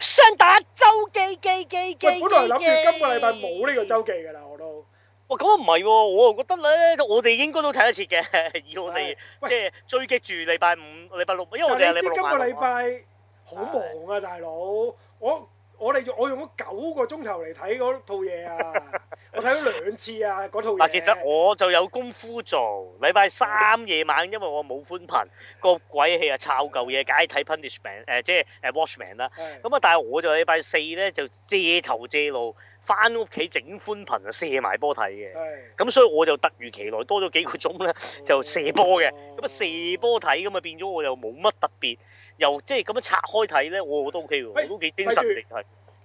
雙打周記記記記記記，我本來諗住今個禮拜冇呢個周記噶啦，我都。哇，咁啊唔係喎，我又覺得咧，我哋應該都睇得切嘅，以我哋即係追擊住禮拜五、禮拜六，因為我哋係禮拜六你知今個禮拜好忙啊，大佬！我我哋用我用咗九個鐘頭嚟睇嗰套嘢啊。 我睇咗兩次啊，嗰套嘢。嗱，其實我就有功夫做。禮拜三夜晚，因為我冇寬頻，個鬼氣啊，抄舊嘢解睇 Punishman 誒，即係誒 Watchman 啦。咁啊，但係我就禮拜四咧就借頭借路，翻屋企整寬頻啊，射埋波睇嘅。咁所以我就突如其來多咗幾個鐘咧，就射波嘅。咁、哦、啊射波睇，咁啊變咗我又冇乜特別，又即係咁樣拆開睇咧，我都 O K 喎，我都幾精神力。係、欸。等等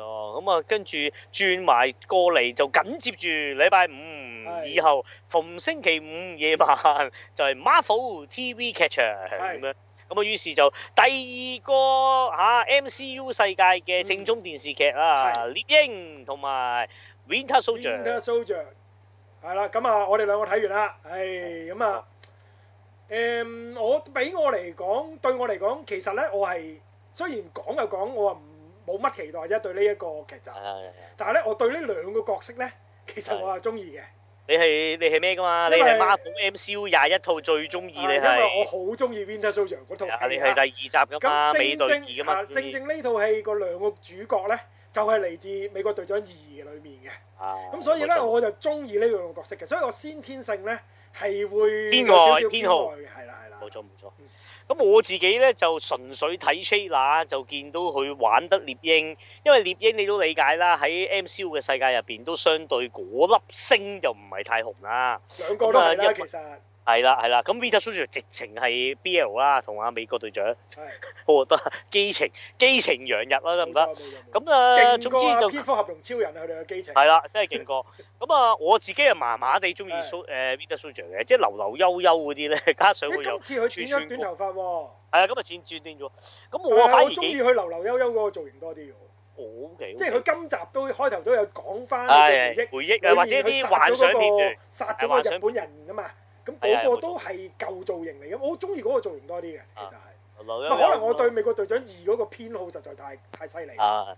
咁啊，跟住轉埋過嚟就緊接住禮拜五以後，逢星期五夜晚就係 Marvel TV 劇場咁樣。咁啊，於是就第二個嚇 MCU 世界嘅正宗電視劇啊，《獵鷹》同埋《Winter Soldier》。Winter Soldier。係啦，咁啊，我哋兩個睇完啦。唉，咁啊，誒，我俾我嚟講，對我嚟講，其實咧，我係雖然講就講，我話唔。冇乜期待啫，對呢一個劇集是是是是是。但係咧，我對呢兩個角色咧，其實我係中意嘅。你係你係咩噶嘛？你係 Marvel MCU 廿一套最中意你係。因為我好中意 Winter Soldier 嗰套戲啦。你係第二集噶嘛？美國隊二噶嘛？正正呢套戲個兩個主角咧，就係嚟自美國隊長二裏面嘅。咁、啊、所以咧，我就中意呢兩個角色嘅，所以我先天性咧係會有少少偏好啦，係啦。冇錯冇錯。咁我自己咧，就純粹睇 Chandler 就見到佢玩得獵鷹。因為獵鷹你都理解啦，喺 MCU 嘅世界入面都相對嗰粒星就唔係太紅啦。兩個都係啦，其實。係啦，係啦，咁 Winter Soldier 直情係 BL 啦，同啊美國隊長，我覺得基情基情洋溢啦，得唔得？咁啊，總之就蝙蝠俠同超人佢哋嘅基情。係啦，真係勁過。咁啊，我自己又麻麻地中意 So 誒 Winter Soldier 嘅，即係流流悠悠嗰啲咧，加上佢又。你今次佢剪咗短頭髮喎、啊嗯？係、嗯、啊、嗯，咁、嗯、啊剪短啲咗。咁、嗯、我反而中意佢流流悠悠嗰個造型多啲嘅。O K，即係佢今集都開頭都有講翻啲回憶，或者啲幻想片段。殺咗個日本人啊嘛。咁、那、嗰個都係舊造型嚟嘅，我好中意嗰個造型多啲嘅，其實係、啊。可能我對美國隊長二嗰個偏好實在太太犀利。啊，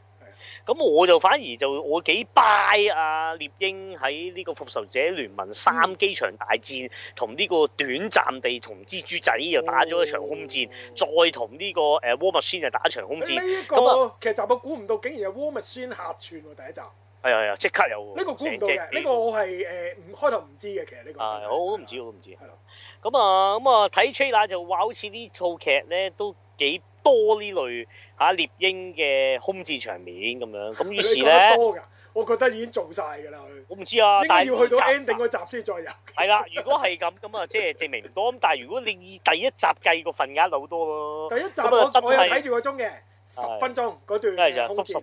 咁我就反而就我幾 buy 啊獵鷹，喺呢個復仇者聯盟三機場大戰，同、嗯、呢個短暫地同蜘蛛仔又打咗一場空戰，哦、再同呢、這個誒、uh, War Machine 又打一場空戰。咁、這、啊、個，劇集我估唔到竟然係 War Machine 客串喎，第一集。係啊係啊，即刻、啊、有喎！呢、呢個估唔到嘅，呢、呢個我係誒唔開頭唔知嘅，其實呢個啊，我都唔知、啊，我都唔知。係咯。咁啊咁啊，睇 trailer 就話，好似呢套劇咧都幾多呢類嚇獵鷹嘅空戰場面咁樣。咁於是咧，我覺得已經做晒㗎啦。我唔知道啊，但係要去到 ending 嗰集先再入。係啦、啊，如果係咁咁啊，即係證明唔多咁。 但係如果你以第一集計個份額，就好多咯。第一集我算我又睇住個鐘嘅。十分鐘嗰段嘅空間，誒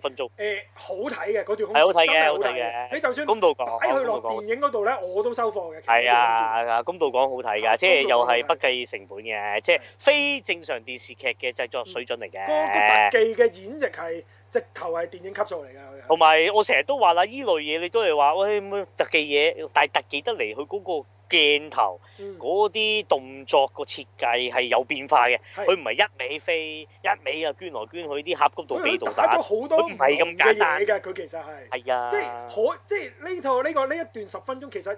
好睇嘅嗰段空間，真係好睇嘅。你就算擺去落電影嗰度咧，我都收貨嘅。係啊，公道講好睇㗎，即係又係不計成本嘅，即係非正常電視劇嘅製作水準嚟嘅。嗰個不計嘅演繹係。直頭係電影級數嚟㗎，同埋我成日都話啦，依類嘢你都係話，喂、欸、特技嘢，但係特技得嚟，佢嗰個鏡頭，嗰、嗯、啲動作個設計係有變化嘅，佢唔係一味飛，嗯、一味啊，捐來捐去啲俠嗰度飛度打，佢唔係咁簡單嘅，佢其實係、啊，即係可，即係呢套呢個呢一段十分鐘其實。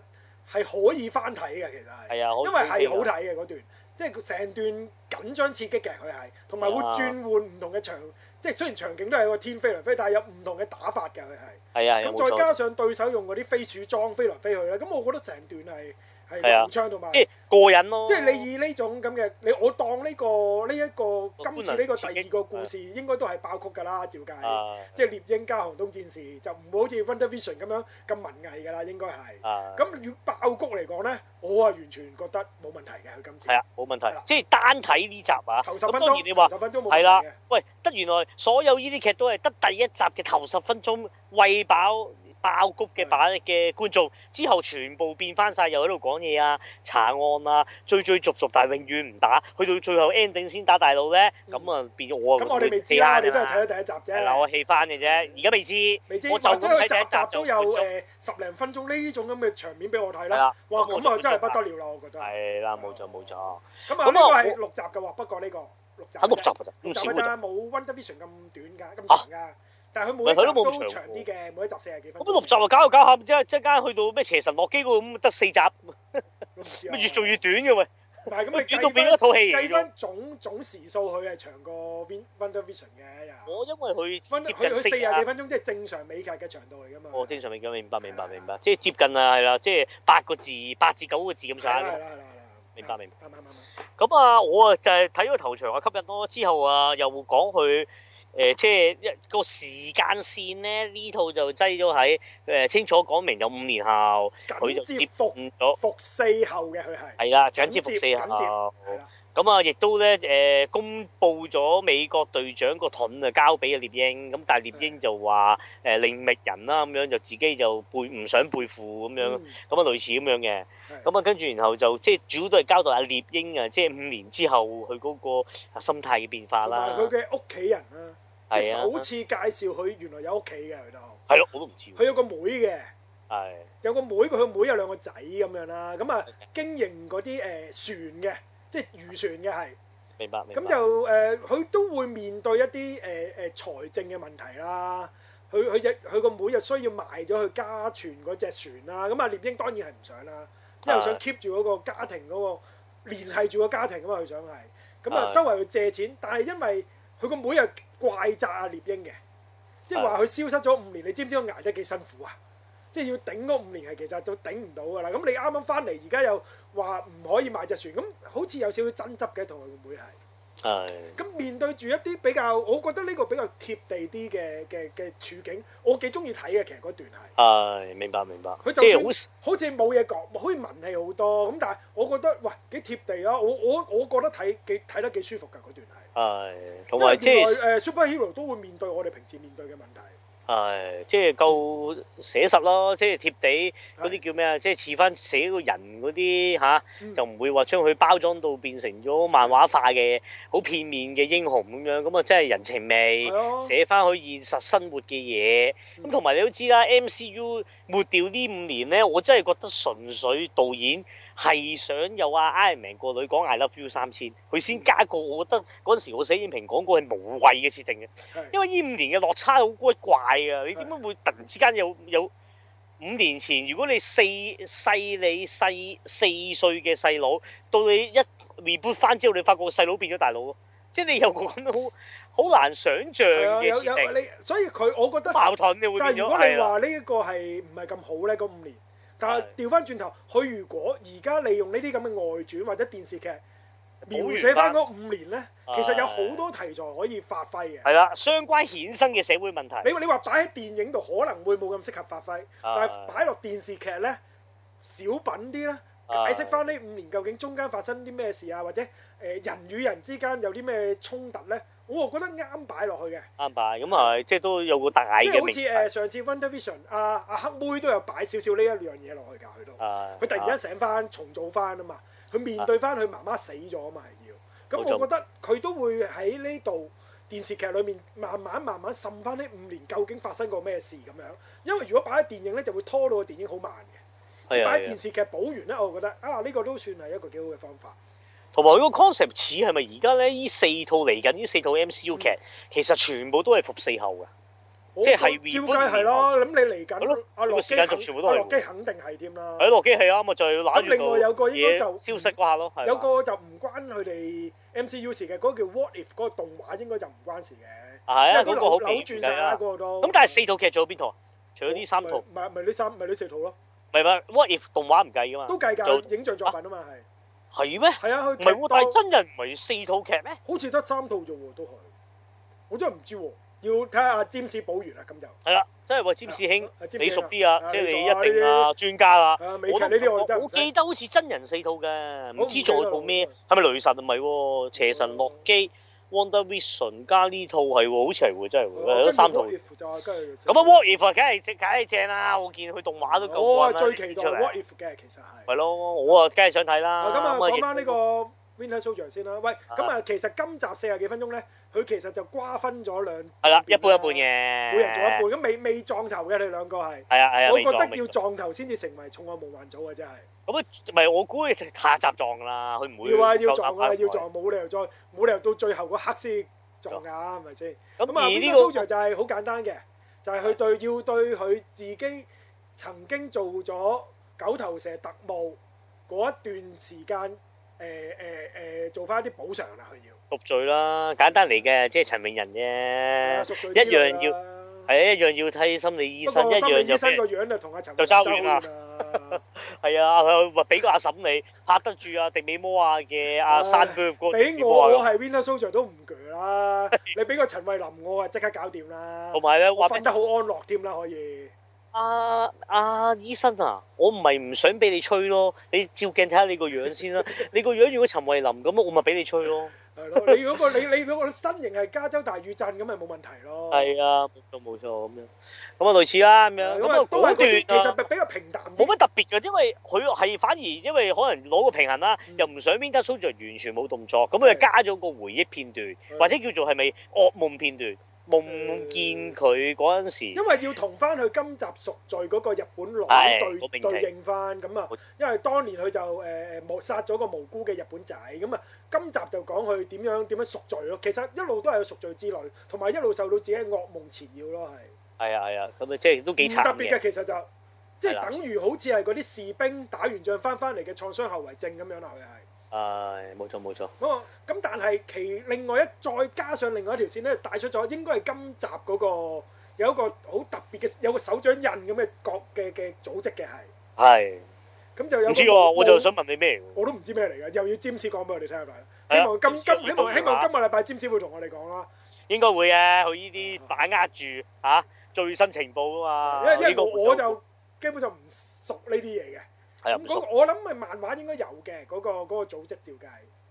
係可以翻睇嘅，其實係，因為係好睇嘅嗰段，即係成段緊張刺激嘅佢係，同埋會轉換唔同嘅場，即係雖然場景都係個天飛來飛，但係有唔同嘅打法嘅佢係。係啊，咁再加上對手用嗰啲飛鼠裝飛來飛去咧，咁我覺得成段係。係啊，即係過癮咯！即係你以呢種咁嘅，你我當呢、這個呢一、這個今次呢個第二個故事應該都係爆谷㗎啦，照計、啊，即係《獵鷹》加《寒冬戰士》啊啊，就唔會好似《Wonder Vision》咁樣咁文藝㗎啦，應該係。咁要、啊、爆谷嚟講咧，我啊完全覺得冇問題嘅。佢今次係啊，冇問題。啊、即係單睇呢集啊，頭十分鐘，咁當然你話係啦。喂，得原來所有呢啲劇都係得第一集嘅頭十分鐘餵飽。爆谷嘅版嘅觀眾之後全部變翻晒，又喺度講嘢啊，查案啊，追追逐逐，但係永遠唔打，去到最後 ending 先打大佬咧，咁、嗯、啊變咗我啊咁、嗯、我哋未知啊，我、啊、都係睇咗第一集啫。嗱，我棄翻嘅啫，而、嗯、家未知。未知我就睇第一集、集、集都有誒、呃、十零分鐘呢種咁嘅場面俾我睇啦。哇！咁啊真係不得了啦，我覺得。係啦，冇錯冇錯。咁啊呢個係六集嘅喎，不過呢、這個六集。六集㗎咋？唔少冇 WandaVision 咁短㗎，咁長㗎。佢都冇咁長啲嘅，每一集四十幾分鐘。咁六集，搞搞有集啊，搞搞下，即係即係去到咩邪神洛基嗰個咁，得四集。我唔知啊。咩越做越短嘅、啊、咪？但係咁你計都比嗰套戲翻總總時數，佢係長過《WandaVision》嘅。我因為佢接近四十幾分鐘，即係正常美劇嘅長度嚟㗎嘛。哦，正常美劇，明白，明白，明白， 即係接近啊，係啦，即係八個字，八至九個字咁曬。明白，係啦，係啦，明白。咁、right, 嗯嗯嗯嗯嗯、啊，我啊就係睇咗頭長啊，吸引咯，之後啊又講佢。誒、呃、即係一個時間線咧，呢套就擠咗喺誒清楚講明有五年後，佢就接復咗復四後嘅佢係，係啦，就緊接復四後，啦。咁啊，亦都咧誒，公布咗美國隊長個盾啊，交俾阿獵鷹。咁但係獵鷹就話誒，另覓人啦咁樣，就自己就背唔想背負咁樣，咁、嗯、啊，類似咁樣嘅。咁啊，跟住然後就即係主要都係交代阿獵鷹啊，即係五年之後佢嗰個心態嘅變化啦。佢嘅屋企人啊，係啊，好似介紹佢原來有屋企嘅，佢都係咯，我都唔知。佢有個妹嘅，係有個妹，佢個妹有兩個仔咁樣啦。咁啊，經營嗰啲誒船嘅。即係漁船嘅係，明白明白，咁就誒，佢、呃、都會面對一啲誒誒財政嘅問題啦佢。佢佢只佢個妹又需要賣咗佢家傳嗰隻船啦。咁啊，獵鷹當然係唔想啦，因為佢想 keep 住嗰個家庭嗰、嗰個聯繫住個家庭啊嘛。佢想係咁啊，收為佢借錢，但係因為佢個妹又怪責阿獵鷹嘅，即係話佢消失咗五年，你知唔知我捱得幾辛苦啊？即係要頂嗰五年係，其實就頂唔到㗎啦，咁你啱啱翻嚟，而家又話唔可以賣隻船，咁好似有少少爭執嘅，同佢妹係。係、哎。咁面對住一啲比較，我覺得呢個比較貼地啲嘅嘅嘅處境，我幾中意睇嘅，其實嗰段係。係、哎，明白明白。佢就好似冇嘢講，好似文氣好多，咁但係我覺得，嘩，幾貼地咯，我我我覺得睇幾睇得幾舒服㗎嗰段係。係、哎。因為原來誒、呃、Superhero 都會面對我哋平時面對嘅問題。誒、uh，即係夠寫實咯，即係貼地嗰啲叫咩啊？即係似翻寫個人嗰啲吓，就唔會話將佢包裝到變成咗漫畫化嘅，好片面嘅英雄咁樣。咁啊，即係人情味，寫翻佢現實生活嘅嘢。咁同埋你都知啦，M C U 抹掉呢五年咧，我真係覺得純粹導演。係想有阿 Ironman 個女講 I love you 三千，佢先加個。我覺得嗰陣時候我寫影評講過係無謂嘅設定嘅，因為呢五年嘅落差好鬼怪啊！你點解會突然之間有有五年前？如果你四細你細四歲嘅細佬，到你一 reboot 翻之後，你發覺細佬變咗大佬咯，即係你有個咁樣好難想像嘅設定。所以佢我覺得矛盾嘅會變咗。但係如果你話呢一個係唔係咁好咧？嗰五年。但係調翻轉頭，佢如果而家利用呢啲咁嘅外傳或者電視劇描寫翻嗰五年呢，其實有好多題材可以發揮嘅。係啦，相關衍生嘅社會問題。你你話擺喺電影度可能會冇咁適合發揮，但係擺落電視劇呢，小品啲呢，解釋翻呢五年究竟中間發生啲咩事啊，或者誒人與人之間有啲咩衝突呢。我覺得啱擺落去嘅，啱擺咁啊，即係都有個大嘅。即係好似誒上次 WandaVision 啊黑妹都有擺少少呢一樣嘢落去㗎，佢都，佢、啊、突然之間醒翻，重做翻啊嘛，佢面對翻佢媽媽死咗啊嘛要，咁、啊嗯、我覺得佢都會喺呢度電視劇裏面慢慢慢慢滲翻呢五年究竟發生過咩事咁樣，因為如果擺喺電影咧就會拖到個電影好慢嘅，擺、啊、喺、啊啊、電視劇補完咧，我覺得啊呢、呢個都算係一個幾好嘅方法。同埋個 concept 似係咪而家咧？呢四套嚟緊，呢四套 MCU 劇其實全部都係復四後嘅，即係 reboot 照計係咯，咁你嚟緊阿洛基，阿洛基肯定係添啦。阿洛基係啊，咁啊，再攬住另外有個嘢就消息嗰下咯，有個就唔關佢哋 MCU 的事嘅，嗰、嗰個叫 What If 嗰個動畫應該就唔關事嘅。係啊，嗰、嗰個好幾轉嘅啦。咁、嗰個、但係四套劇除咗邊套？除咗呢三套，唔係唔係呢三，唔係呢四套咯。唔係 What If 動畫唔計㗎嘛？都計㗎，影像作品啊嘛係。係咩？係啊，佢唔、啊、但係真人唔係四套劇咩？好似得三套啫喎，都係。我真係唔知喎、啊，要睇下寶、啊、詹士補完啦，咁就係啦。即係話詹士兄你熟啲啊，即係、啊就是、你一定啊專、啊、家啊。劇我都我我記得好似真人四套嘅，唔知做套咩？係咪雷神唔係、啊，邪神洛基？嗯 WandaVision 加呢套係喎、哦，好似係真係喎，有、嗯、三套。咁啊，What If 梗係正，梗係正啦！我見佢動畫都夠我、啊哦、最期待 What If 嘅，其實係。係咯，我啊梗係想睇啦。咁、嗯、啊，今晚呢個 Winter Soldier 先啦，喂，咁啊，其實今集四十幾分鐘咧，佢其實就瓜分咗兩，係啦，一半一半嘅，每人做一半，咁未未撞頭嘅，你兩個係，係啊係啊，我覺得要撞頭先至成為重案模範組啊，真係。咁啊，唔係我估佢下集撞啦，佢唔會。要啊要撞啊要撞，冇理由再冇理由到最後嗰刻先撞啊，係咪先？咁啊，Winter Soldier 就係好簡單嘅，就係佢對要對佢自己曾經做咗九頭蛇特務嗰一段時間。誒誒誒，做翻一啲補償啦，佢要。贖罪啦，簡單嚟嘅，即係陳永仁啫，一樣要，係啊，一樣要睇心理醫生，一樣要。不過心理醫生個樣就同阿陳永仁唔同啦。就抓亂啦。係啊，佢話俾個阿嬸你拍得住啊，迪美摩亞嘅阿山哥。俾我，我係 Winter Soldier 都唔攰啦，你俾個陳慧琳我啊，即刻搞掂啦。同埋咧，我瞓得好安樂添啦，可以。啊啊，醫生啊，我唔係唔想俾你吹咯，你照鏡睇下你個樣先啦。 你個樣如果陳慧琳咁，我咪俾你吹咯。係咯，你嗰、嗰個你你嗰個身形係加州大雨震咁，咪冇問題咯。係啊，冇錯冇錯咁樣，咁啊類似啦咁樣。咁啊，咁就嗰段其實比較平淡，冇乜特別嘅，因為佢係反而因為可能攞個平衡啦、嗯，又唔想邊輯操作完全冇動作，咁佢就加咗個回憶片段，或者叫做係咪噩夢片段？夢見佢嗰陣時，因為要同翻佢今集贖罪嗰個日本佬對對應翻，咁啊，因為當年佢就誒誒殺咗個無辜嘅日本仔，咁啊，今集就講佢點樣點樣贖罪咯。其實一路都係有贖罪之旅，同埋一路受到自己嘅惡夢纏繞咯，係。係啊係啊，咁啊即係都幾慘特別嘅，其實就即係等於好似係嗰啲士兵打完仗翻翻嚟嘅創傷後遺症咁樣啦，佢係。誒，冇錯冇錯。咁啊，咁但係其另外一再加上另外一條線咧，帶出咗應該係今集嗰個有一個好特別嘅有個手掌印咁嘅角嘅嘅組織嘅係。係。咁就有。唔知喎，我就想問你咩？我都唔知咩嚟嘅，又要占士講俾我哋聽係咪？希望今今希望希望今個禮拜占士會同我哋講咯。應該會啊，佢呢啲把握住啊最新情報啊嘛。因為因為我就基本上唔熟呢啲嘢嘅。嗰、嗯那個、我諗咪漫畫應該有嘅，嗰、那個嗰、那個組織照計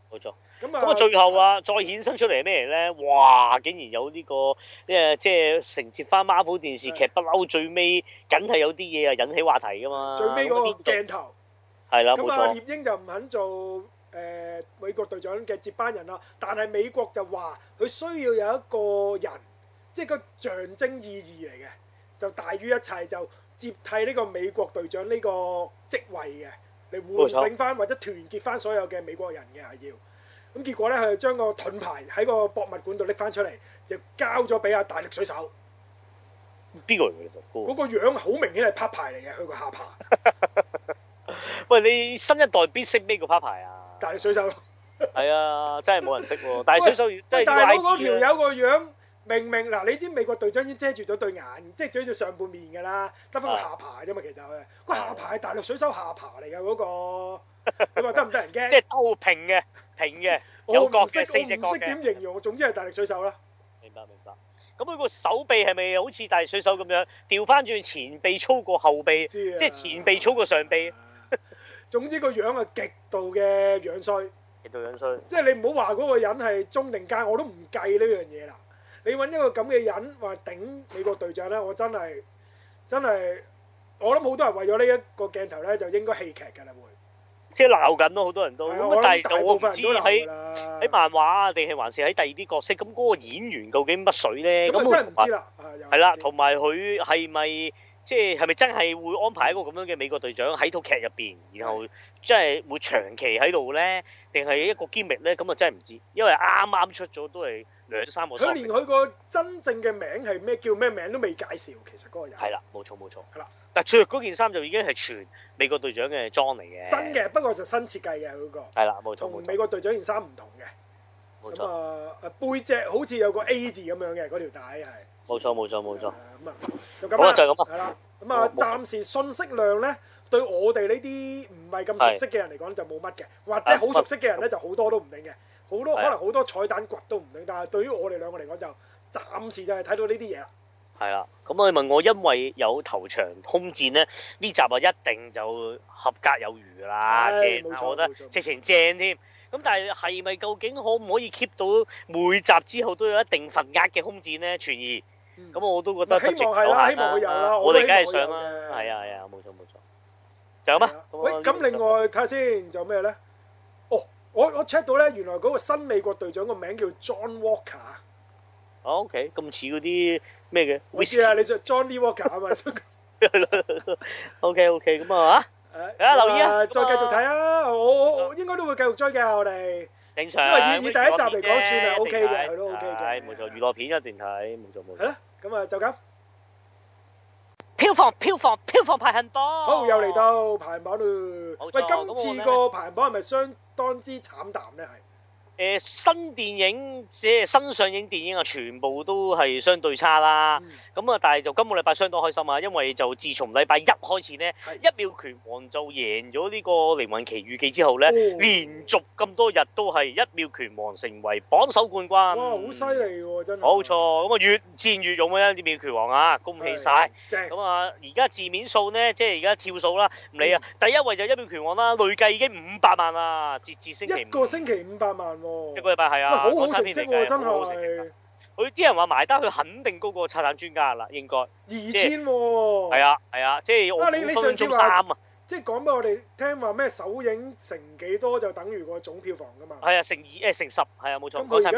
冇錯。咁啊，咁啊，最後啊，再衍生出嚟咩咧？哇！竟然有呢、這個，即係即係承接翻孖 a r v e 電視劇不嬲，最尾緊係有啲嘢啊，引起話題噶嘛。最尾個鏡頭。係啦，咁啊，獵英就唔肯做誒、呃、美國隊長嘅接班人啦，但係美國就話佢需要有一個人，即係個象徵意義嚟嘅，就大於一切就。接替呢個美國隊長呢個職位嘅，嚟喚醒翻或者團結翻所有嘅美國人嘅係要。咁結果咧，佢就將個盾牌喺個博物館度拎翻出嚟，就交咗俾阿大力水手。邊個嚟嘅？嗰個樣好明顯係拍牌嚟嘅，佢個下巴。 喂，你新一代邊識呢個拍牌啊？大力水手。係 啊，真係冇人識喎、啊。大力水手真係。大佬條友個樣。啊那個明明嗱，你知美國隊長已經遮住咗對眼，即係遮住上半面㗎啦，得翻個下巴啫嘛。其實佢，個下巴係大力水手下巴嚟㗎嗰個，你話得唔得人驚？即係兜平嘅，平嘅。 我唔識，我唔識點形容。總之係大力水手啦。明白，明白。咁佢個手臂係咪好似大力水手咁樣，調翻轉前臂粗過後臂，即係、啊就是、前臂粗過上臂。 總之個樣係極度嘅樣衰，極度樣衰。即係你唔好話嗰個人係中定界，我都唔計呢樣嘢啦。你揾一個咁嘅人話頂美國隊長咧，我真係真係，我諗好多人為咗呢一個鏡頭咧，就應該棄劇㗎啦會。即係鬧緊咯，好多人都咁。但係我，我知喺喺漫畫定係還是喺第二啲角色？咁嗰個演員究竟乜水咧？咁真唔知啦。係啦，同埋佢係咪即係係咪真係會安排一個咁樣嘅美國隊長喺套劇入邊，然後即係會長期喺度咧？定係一個 gimmick 咧？咁啊真係唔知，因為啱啱出咗都係。兩三個，佢連佢個真正嘅名係咩叫咩名都未介紹，其實嗰個人係啦，冇錯冇錯。係啦，但最後嗰件衫就已經係全美國隊長嘅裝嚟嘅，新嘅，不過就新設計嘅嗰個，係啦，冇錯，同美國隊長件衫唔同嘅，冇錯啊，背脊好似有個 A 字咁樣嘅嗰條帶係，冇錯冇錯冇錯。咁啊，就咁啦，就咁啦，係啦，咁啊，暫時信息量咧，對我哋呢啲唔係咁熟悉嘅人嚟講就冇乜嘅，或者好熟悉嘅人咧就好多都唔明嘅。好多可能好多彩蛋掘都唔定，但係對於我哋兩個嚟講就暫時就係睇到呢啲嘢啦。係啦、啊，咁你問我因為有頭場空戰咧，呢集啊一定就合格有餘啦，正啊，我覺得直情正添。咁但係係咪究竟可唔可以 keep 到每集之後都有一定份量嘅空戰咧？存疑，咁我都覺得希望會有啦。我哋梗係想啦，係啊係啊，冇錯冇錯。就咁啊，仲有咩？喂，咁另外睇下先，仲有咩咧？我我 check 到咧，原來嗰個新美國隊長個名叫 John Walker。啊 OK，咁似嗰啲咩嘅？回事啊，你就 John Walker 啊嘛。OK OK，咁啊嚇，啊大家留意啊，再繼續睇啊，我我應該都會繼續追嘅，我哋。正常，因為以以第一集嚟講算係 OK 嘅，係咯 OK 嘅。係冇錯，娛樂片一定睇，冇錯冇錯。係咯，咁啊就咁。票房票房票房排行榜，好又嚟到排行榜嘞。喂，今次個排行榜係咪雙？當之慘淡咧，係。誒新電影即係新上映電影啊，全部都係相對差啦。咁、嗯、啊，但係就今個禮拜相當開心啊，因為就自從禮拜一開始呢，一秒拳王就贏咗呢個靈魂奇遇記之後呢，哦、連續咁多日都係一秒拳王成為榜首冠軍。哇！好犀利喎，真係。冇錯，咁啊越戰越勇啊，一秒拳王啊，恭喜晒！正。咁啊，而家、嗯、字面數呢，即係而家跳數啦，唔理啊，第一位就一秒拳王啦，累計已經五百萬啦，截至星期五。一個星期五百萬。一個禮拜係啊，好睇、啊那個、片定真係、啊，佢啲人話埋單，佢肯定高過拆彈專家噶啦，應該二千，係啊係、就是、啊，即係我。你你上次話啊，即係講俾我哋聽話咩？首映成幾多就等於個總票房噶嘛？係啊，成二誒、呃，成十係啊，冇錯。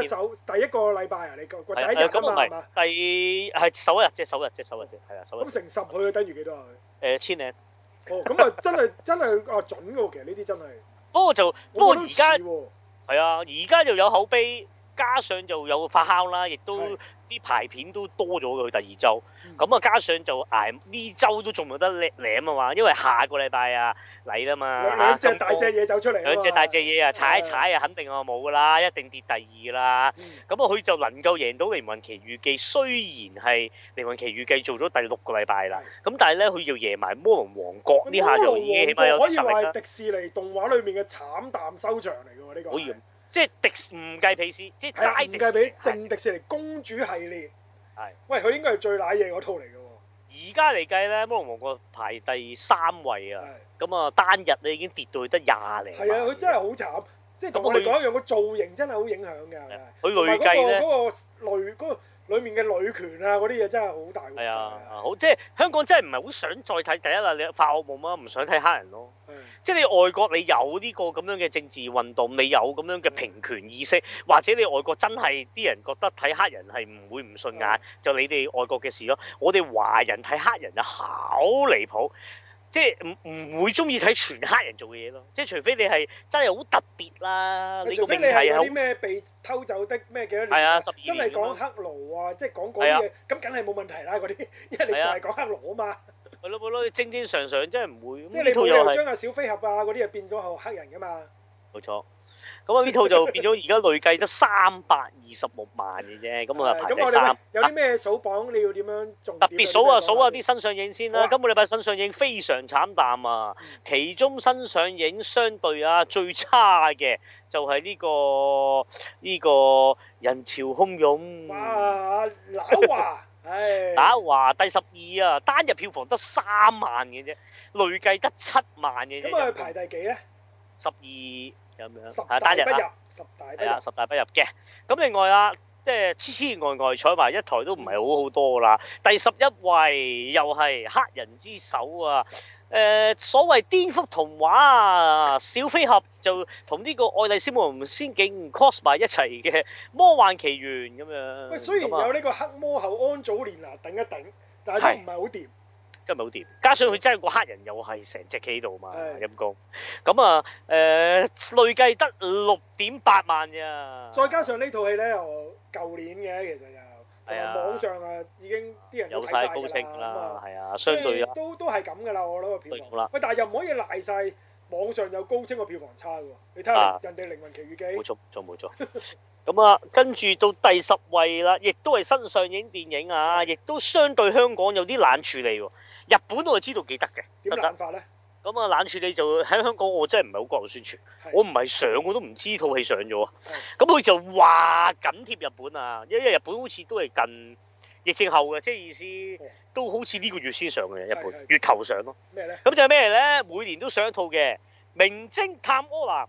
首、嗯、第一個禮拜啊，你個第一日啊嘛係嘛？第係首日啫，首日啫，首日啫，係啊。咁成十佢等於幾多啊？佢、嗯、誒千零、哦。咁啊，真係真係啊，準噶，其實呢啲真係。不過就不過而家。係啊，而家又有口碑，加上又有發酵啦，亦都啲排片都多咗佢第二周。咁啊，加上就挨呢周都仲冇得舐啊嘛，因為下個禮拜啊嚟啦嘛，兩，兩隻大隻嘢走出嚟，兩隻大隻嘢啊，踩一踩啊，肯定我冇噶啦，一定跌第二啦。咁啊，佢就能夠贏到靈魂奇遇記，雖然係靈魂奇遇記做咗第六個禮拜啦，咁但係咧，佢要贏埋魔龍王國呢下，就已經起碼有實力啦。可以話迪士尼動畫裏面嘅慘淡收場嚟嘅喎，呢個可以即係迪唔計彼思，即係唔計皮正迪士尼公主系列。係，喂，佢應該係最揦嘢嗰套嚟嘅喎。而家嚟計咧，《魔龍王國》排第三位啊。咁啊，單日你已經跌到得廿零。係啊，佢真係好慘，即係同我哋講一樣，個、就是、造型真係好影響嘅。佢累計咧，嗰、嗰個累裏面嘅女權啊，嗰啲嘢真係好大嘅。係啊，好即係、就是、香港真係唔係好想再睇第一啦，你發惡夢啦，唔想睇黑人咯。嗯、即係你外國你有呢個咁樣嘅政治運動，你有咁樣嘅平權意識，或者你外國真係啲人覺得睇黑人係唔會唔順眼，嗯、就你哋外國嘅事咯。我哋華人睇黑人就好離譜。即係唔唔會中意睇全黑人做嘅嘢咯，即係除非你係真係好特別啦，除非你係有啲咩被偷走的咩幾多年？係啊，十二年真係講黑奴啊，即係講嗰嘢，咁梗係冇問題啦嗰啲，因為你就係講黑奴啊嘛。係咯，好咯，正正常常真係唔會。即係你冇理由將阿小飛俠啊嗰啲啊變咗係黑人噶嘛？冇錯。咁啊！呢套就變咗，而家累計得三百二十六萬嘅啫。咁 我啊排第三。有啲咩數榜？啊、你要樣點樣？特別數啊，數下啲新上映先啦。今個禮拜新上映非常慘淡啊。嗯、其中新上映相對啊 最差嘅就係呢、呢個呢、呢個人潮洶湧。啊！打華，打 華、哎、第十二啊，單日票房得三萬嘅啫，累計得七萬嘅啫。咁啊，排第幾咧？十二。咁樣，十大不入，十大，係啊，十大不入嘅。咁另外啊，即係黐黐外外彩埋一台都唔係好好多啦。第十一位又係黑人之手啊！誒、呃，所謂顛覆童話，小飛俠就同呢個愛麗絲夢仙境 cos 埋一齊嘅魔幻奇緣咁樣。喂，雖然有呢個黑魔后安祖蓮娜頂一頂，是但係都唔係好掂。真係唔係好掂，加上佢真係個黑人又係成隻企喺度嘛，係陰公。咁啊，誒、呃、累計得六點八萬咋，再加上呢套戲咧又舊年嘅，其實又同啊，網上啊已經啲人有晒高清㗎嘛？係啊，相對都都係咁㗎啦。我諗個票房。對，啦。喂，但係又唔可以賴晒網上有高清嘅票房差喎。你睇下人哋《靈魂奇遇記》冇錯，就冇錯。 咁啊，跟住到第十位啦，亦都係新上映電影啊，亦都相對香港有啲冷處理。日本我係知道幾得嘅，點法咧？咁啊，冷處理就喺香港我，我真係唔係好國內宣傳，我唔係上，我都唔知套戲上咗。咁佢就話緊貼日本啊，因為日本好似都係近疫症後嘅，即、就、係、是、意思都好似呢個月先上嘅日本是的是的月頭上咯。咩咧？咁就係咩咧？每年都上一套嘅《名偵探柯南》。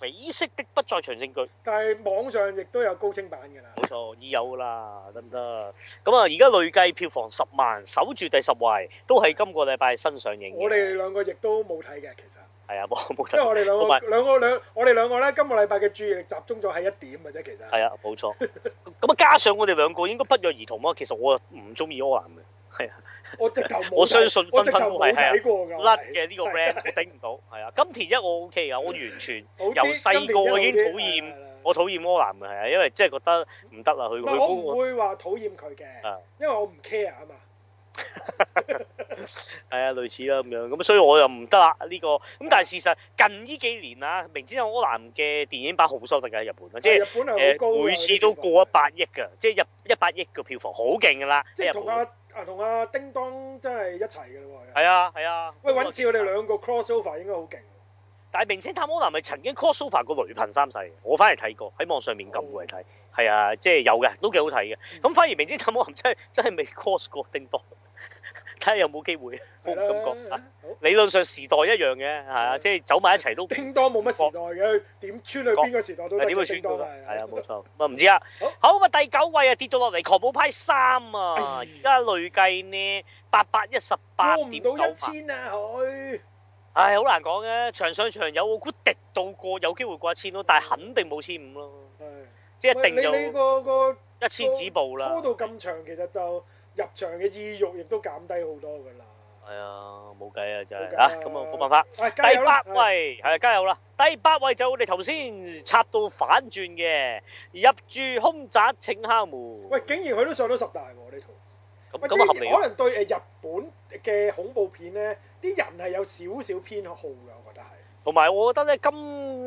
緋色的不在場證據，但係網上亦都有高清版噶啦，冇錯，已有噶啦，得唔得？咁啊，而家累計票房十萬，守住第十位，都係今個禮拜新上映的。我哋兩個亦都冇睇嘅，其實係啊，冇冇睇，因為我哋兩個兩個兩，我哋兩個咧，今個禮拜嘅注意力集中咗喺一點嘅啫，其實係啊，冇錯。咁啊，加上我哋兩個應該不約而同啊，其實我唔中意柯南嘅，係啊。我，我相信分分都係，係啊，甩嘅呢個 Rap 我頂唔到，係啊。金田一我 OK 噶，我完全由細個我已經討厭，我討厭柯南嘅，係啊，因為即係覺得唔得啦佢。唔唔會話討厭佢嘅，因為我唔 care 啊嘛。係啊，類似啦咁樣，咁所以我又唔得啦呢個。咁但係事實近呢幾年啊，明知有柯南嘅電影版好收得嘅喺日本啊，即係每次都過一百億嘅，即係一一百億嘅票房好勁噶啦，即係同。同阿叮噹真係一齊嘅咯喎！係啊，係啊，啊，啊，啊。喂，搵、嗯嗯、次佢哋兩個 cross over 應該好勁。但係名偵探柯南咪曾經 cross over 過雷朋三世，我反而睇過喺網上面撳過嚟睇，係、哦、啊，即係有嘅，都幾好睇嘅。咁、嗯、反而名偵探柯南真係真係未 cross 過叮噹。睇有冇機會，咁講啊！理論上時代一樣嘅，啊，即係走埋一齊都沒。叮噹冇乜時代嘅，點穿去邊個時代都叮噹會穿到啦。係啊，冇錯。唔、嗯嗯、知啊。好啊，第九位啊，跌咗落嚟，狂暴派三啊，而、哎、家累計呢，八百一十八點九。過唔到一千啊佢。唉、哎，好、哎、難講嘅，場上場有我估跌到過有機會過一千咯、啊嗯，但係肯定冇千五咯、啊。係。即係定咗。個一千止步啦。波咁長，其實就。入場嘅意欲亦都減低好多㗎啦、哎，係啊，冇計啊，就係啊，咁啊冇辦法、哎。第八位係加油啦，第八位就我哋頭先插到反轉嘅入住凶宅請敲門。喂，竟然佢都上到十大喎呢套，咁咁合理。可能對誒日本嘅恐怖片咧，啲人係有少少偏好嘅，我覺得係。同埋，我覺得咧，今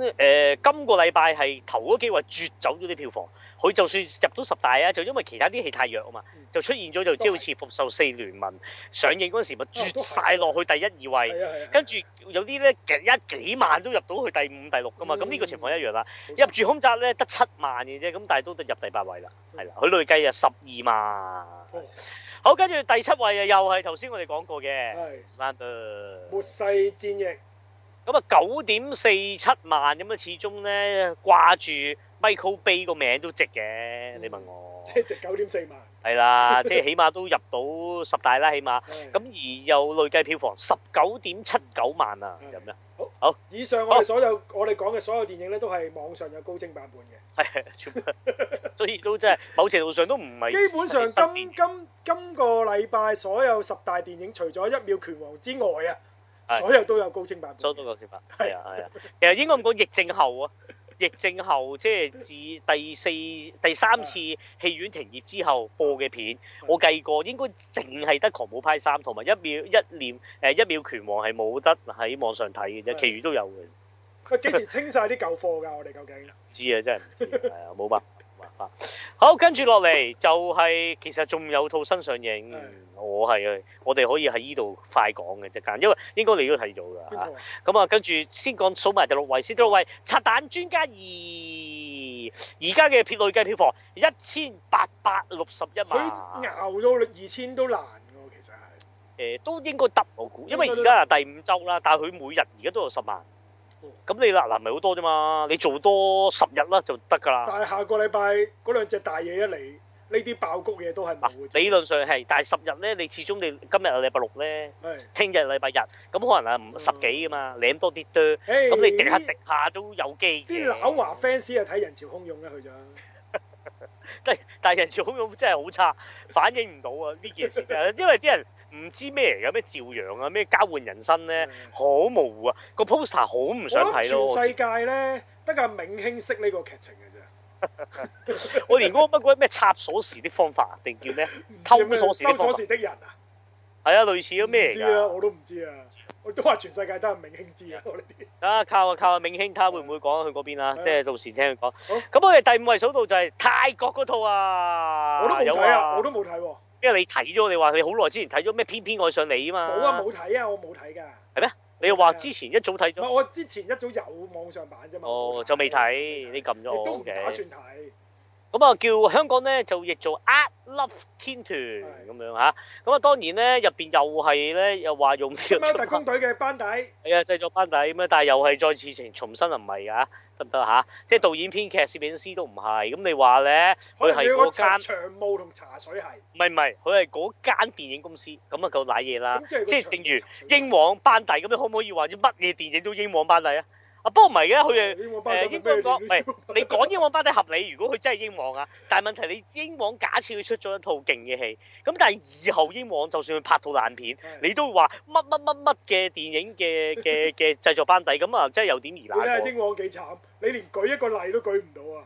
誒、呃、今個禮拜係頭嗰幾位絕走咗啲票房，佢就算入到十大啊，就因為其他啲戲太弱啊嘛，就出現咗就即好似復仇四聯盟、嗯、上映嗰陣時咪、嗯、絕晒、哦、落去第一二位，跟、嗯、住有啲咧一幾萬都入到去第五、第六噶嘛，咁、嗯、呢個情況一樣啦、嗯嗯。入住凶宅咧得七萬嘅啫，咁但係都得入第八位啦，係、嗯、啦，佢累計啊十二萬。好，跟住第七位啊，又係頭先我哋講過嘅，末世戰疫。咁啊，九點四七萬咁啊，始終咧掛住 Michael Bay 個名都值嘅。你問我，即係值九點四萬，係啦，即係起碼都入到十大啦，起碼。咁而又累計票房十九點七九萬啊，咁樣，好，以上我哋所有我哋講嘅所有電影咧，都係網上有高清版本嘅，係，全部。所以都真係某程度上都唔係基本上今今今個禮拜所有十大電影，除咗《一秒拳王》之外啊。所有都有高清版，所有都有高清版。係啊係啊，其實應該唔講疫症後啊， 疫症後即係自第四第三次戲院停業之後播嘅片，我計過應該淨係得《狂舞派三》同埋一秒一臉誒一秒拳王係冇得喺網上睇嘅啫，其餘都有嘅。佢幾時清晒啲舊貨㗎？我哋究竟？ 唔知啊，真係唔知啊，冇辦法。好，跟住落嚟就係、是，其實仲有套新上映，我係啊，我哋可以喺呢度快講嘅即間，因為應該你都睇到噶。邊套？咁啊，跟住先講數埋第六位先，第六位《拆彈專家二》，而家嘅撇累計票房一千八百六十一萬。佢熬到二千都難喎。其實係。誒、欸，都應該得我估。因為而家啊第五週啦，但係佢每日而家都有十萬。咁你啦，嗱唔係好多啫嘛，你做多十日啦就得㗎啦。但係下個禮拜嗰兩隻大嘢一嚟，呢啲爆谷嘢都係冇。理論上係，但係十日咧，你始終你今日係禮拜六咧，聽日禮拜日，咁可能啊唔十幾㗎嘛，舐多啲哆，咁你跌下跌下都有機嘅。啲老華 fans 啊，睇人潮洶湧啦，佢就。但但人仲咁真係好差，反映唔到啊呢件事就，因為啲人唔知咩嚟嘅咩照樣啊咩交換人生咧，好模糊啊個 poster 好唔想睇咯。全世界咧，得個銘興識呢個劇情嘅啫。 我連嗰乜鬼咩插鎖匙的方法定叫咩偷鎖匙匙的方法？係啊，類似咗咩嚟噶？唔知啊，我都唔知啊。我都話全世界都係明興知啊，我呢啲。啊，靠啊靠啊！明興睇下會唔會講去嗰邊啊？即係到時聽佢講。好、啊。咁我哋第五位數到就係泰國嗰套啊。我都冇睇啊！我都冇睇喎。因為你睇咗，你話你好耐之前睇咗咩？偏偏愛上你啊嘛。冇啊！冇睇啊！我冇睇噶。係咩、啊？你又話之前一早睇咗。我之前一早有網上版啫嘛。哦，冇睇啊、就未睇，你撳咗。你都唔打算睇。Okay 咁啊，叫香港咧就譯做 At Love 天團咁樣吓，啊，咁啊當然咧入邊又係咧又話用呢個特工隊嘅班底，係啊，製作班底咩？但係又係再次成重新又唔係啊，得唔得吓？即係導演編劇、編劇、攝影師都唔係，咁你話咧佢係嗰間長毛同茶水係，唔係唔係，佢係嗰間電影公司，咁啊夠瀨嘢啦。即係正如英皇班底咁，底你可唔可以話啲乜嘢電影都英皇班底啊？啊、不過唔係嘅，佢誒英皇班底，唔、呃、係你講英皇班底合理。如果佢真係英皇啊，但係問題你英皇假設佢出咗一套勁嘅戲，咁但係以後英皇就算佢拍套爛片，的你都會話乜乜乜乜嘅電影嘅嘅嘅製作班底，咁啊真係有點兒爛喎。你英皇幾慘，你連舉一個例都舉唔到啊！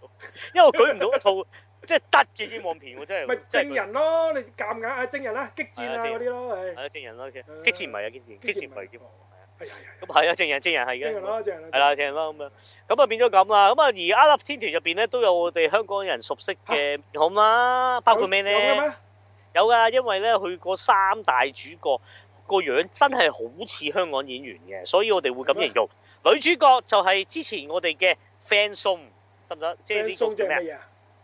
因為我舉唔到一套即係得嘅英皇片，我真係。咪 證人咯，你夾硬啊證人啦，激戰啊嗰啲咯，係。啊，證人咯，激戰唔係啊，激戰激戰唔係咁係啊，正人、啊、正人係、啊、嘅，係啦，正啦咁、啊啊啊啊、樣，咁啊變咗咁啦。咁啊，而《阿拉天團》入邊咧都有我哋香港人熟悉嘅面孔啦、啊，包括咩咧？有噶，因為咧佢個三大主角個樣真係好似香港演員嘅，所以我哋會咁形容。女主角就係之前我哋嘅 fansong 得唔得？即係呢個叫咩啊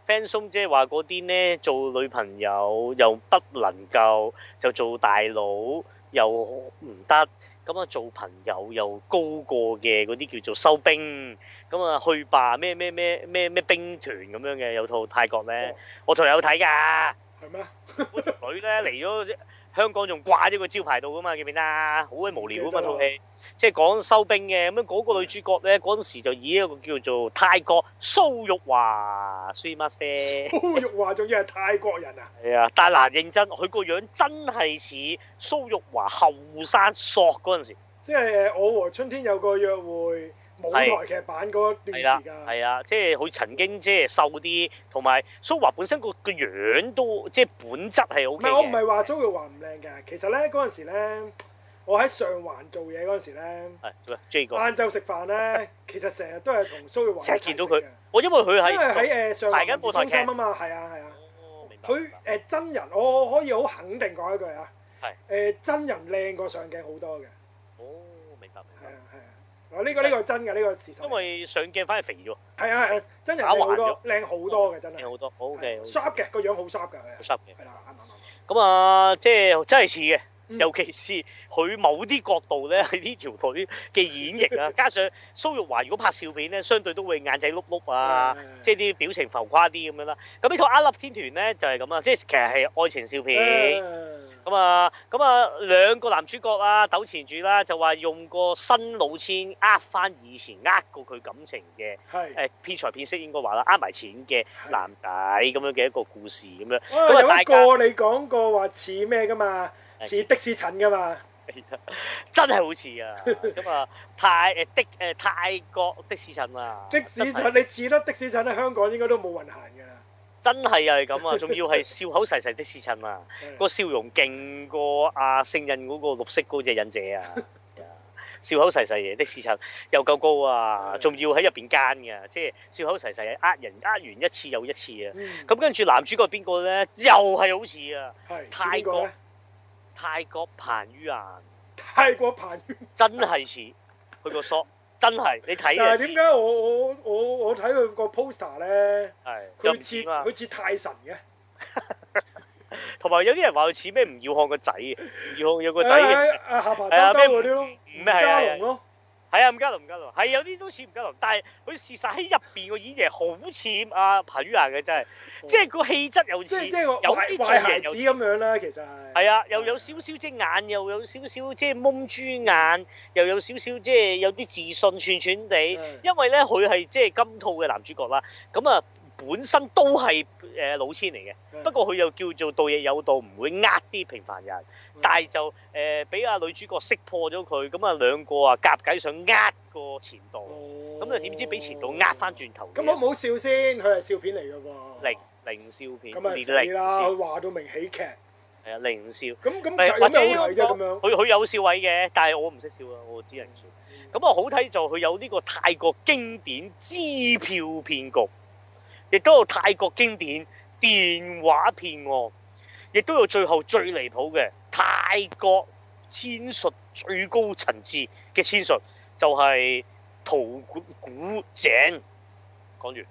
？fansong 即係話嗰啲咧做女朋友又不能夠就做大佬又唔得。咁啊，做朋友又高過嘅嗰啲叫做收兵，咁啊去吧咩咩咩咩咩兵團咁樣嘅，有套泰國咧、哦，我同你有睇㗎。係咩？ 條女咧嚟咗香港仲掛咗個招牌度㗎嘛，見唔見啊？好鬼無聊㗎嘛套戲。即係講收兵嘅咁樣，嗰、嗰個女主角咧嗰陣時就已經有個叫做泰國蘇玉華 （Su Mas）。蘇玉華仲要係泰國人啊？係啊，但嗱認真，佢個樣真係似蘇玉華後生索嗰陣時。即係《我和春天有個約會》舞台劇版嗰段時間，係啊，即係佢曾經一點還有即係瘦啲，同埋蘇玉華本身個個樣都即係本質係好。我唔係話蘇玉華唔靚嘅，其實咧嗰陣時咧。我喺上環做嘢嗰陣時咧，晏晝食飯咧，其實成日都係同蘇玉華,華。成日見到佢。我因為佢喺喺誒上環中心啊嘛，係啊係啊。佢誒、呃、真人，我可以好肯定講一句啊。係。誒、呃、真人靚過上鏡好多嘅。哦，明白明白。係啊係啊。嗱呢、啊這個呢、這個真嘅，呢、這個事實。因為上鏡反而肥咗。係啊係啊，真人靚好、啊啊啊哦、多，靚好多嘅真係。靚好多。好 sharp 嘅個樣好 sharp 嘅佢。好 sharp 嘅。係啦，啱啱咁啊，即係真係似嘅。啊嗯、尤其是佢某啲角度咧，喺呢條腿嘅演繹啊， 加上蘇玉華如果拍笑片咧，相對都會眼仔碌碌啊，即係啲表情浮誇啲咁樣啦。咁呢套《阿笠天團》咧就係咁啊，即係其實係愛情笑片咁啊，咁啊兩個男主角啊，糾纏住啦，就話用個新老千呃翻以前呃過佢感情嘅，誒騙財騙色應該話啦，呃埋錢嘅男仔咁樣嘅一個故事咁樣。咁啊，大個你講過話似咩㗎嘛？似的士襯噶嘛，真係好似啊！咁啊泰誒的誒泰國的士襯啊，的士襯你似得的士襯喺香港應該都冇運行噶啦，真係又係咁啊！仲要係笑口噬噬的士襯啊，個笑容勁過阿聖人嗰個綠色嗰隻忍者啊！笑口噬噬嘅的士襯又夠高啊，仲要喺入邊奸嘅，即係笑口噬噬呃人呃完一次又一次啊！咁跟住男主角係邊個咧？又係好似啊，泰國。泰國彭于晏，泰國彭于晏真係似佢個縮，真係 你睇、啊 哎。下刀刀刀，點解我我我我睇佢個 poster 咧？係，佢似佢似泰神嘅，同埋有啲人話佢似咩唔要看個仔嘅，要康要個仔。阿啊，咩？兜啲咯，咩？係啊龍咯。係啊，吳嘉龍，吳嘉龍，係有啲都似吳嘉龍，但係佢事實喺入邊個演嘢好似阿彭于晏嘅，真係、嗯，即係個氣質又似，即有啲長子咁樣啦，其實係。係啊，又有少少隻眼，又有少少即係矇豬眼，又有少少即係有啲自信，串串地，因為咧佢係即係今套嘅男主角啦，咁啊。本身都係誒老千嚟嘅，不過佢又叫做盜亦有道，唔會呃啲平凡人。是但係就誒俾阿女主角識破咗佢，咁啊兩個啊夾計想呃個前度。咁啊點知俾前度呃翻轉頭。咁、哦、我冇笑先，佢係笑片嚟嘅噃，零零笑片，年零啦，佢話到明喜劇，係啊零笑。咁咁或者我講佢佢有笑位嘅，但係我唔識笑啊，我只能笑。咁、嗯、啊好睇就佢有呢個泰國經典支票騙局。亦都有泰國經典電話騙案、哦，亦都有最後最離譜嘅泰國千術最高層次嘅千術，就係、是、圖古井。講完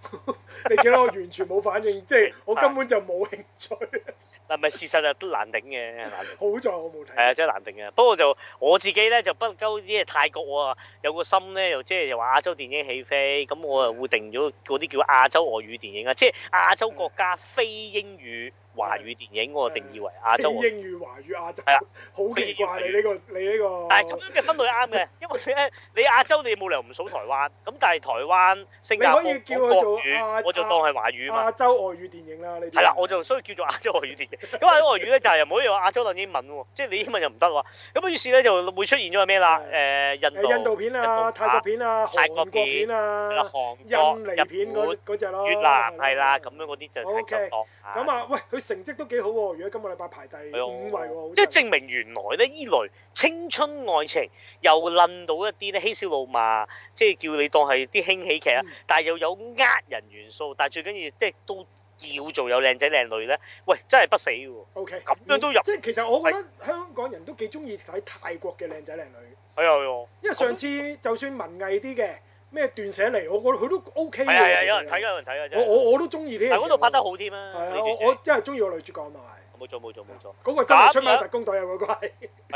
你見到我完全冇反應， 即係我根本就冇興趣。 嗱，咪事實就都難頂嘅，難頂 好在我冇睇，係啊，真係難頂嘅。 不過就我自己咧，就不嬲啲嘅泰國喎，有個心咧，又即係又話亞洲電影起飛，咁我啊會定咗嗰啲叫亞洲外語電影啊，即係亞洲國家非英語。嗯華語電影我定義為亞洲，英語華語亞洲，係啦，好奇怪語語你呢個你呢個，係咁、呢個、樣嘅分類啱嘅， 因為咧你，你亞洲你冇理由唔數台灣，咁但係台灣、新加坡、叫我叫我國語、啊，我就當係華語、啊。亞洲外語電影啦，你係啦，我就所以叫做亞洲外語電影。咁 亞洲外語咧就又唔可以話亞洲等英文喎，即 係你英文又唔得喎。咁於是咧就會出現咗咩啦？誒、啊，印度片啊，泰國片啊，韓國片啊，國片啊韓國、日本只、那個、越南係啦，咁樣嗰啲就係最、okay，多。咁啊，喂，成績都幾好喎！如果今個禮拜排第五位，哎、即係證明原來咧依類青春愛情又撚到一啲咧嬉笑怒罵，即係叫你當係啲輕喜劇啊！但係又有呃人元素，但係最緊要即係都叫做有靚仔靚女咧。喂，真係不死喎！OK，咁樣都入，即係其實我覺得香港人都幾中意睇泰國嘅靚仔靚女。係、哎、啊、哎，因為上次就算文藝啲嘅。咩段寫嚟？我覺得佢都 OK 嘅。係係、啊、有人睇有人睇啊！我我我都中意啲人。嗰度拍得好添啊！係、嗰個、啊，我我真係中意個女主角啊嘛！冇錯冇錯冇錯，嗰個真係出名特工隊啊！嗰、嗯 嗯嗯、個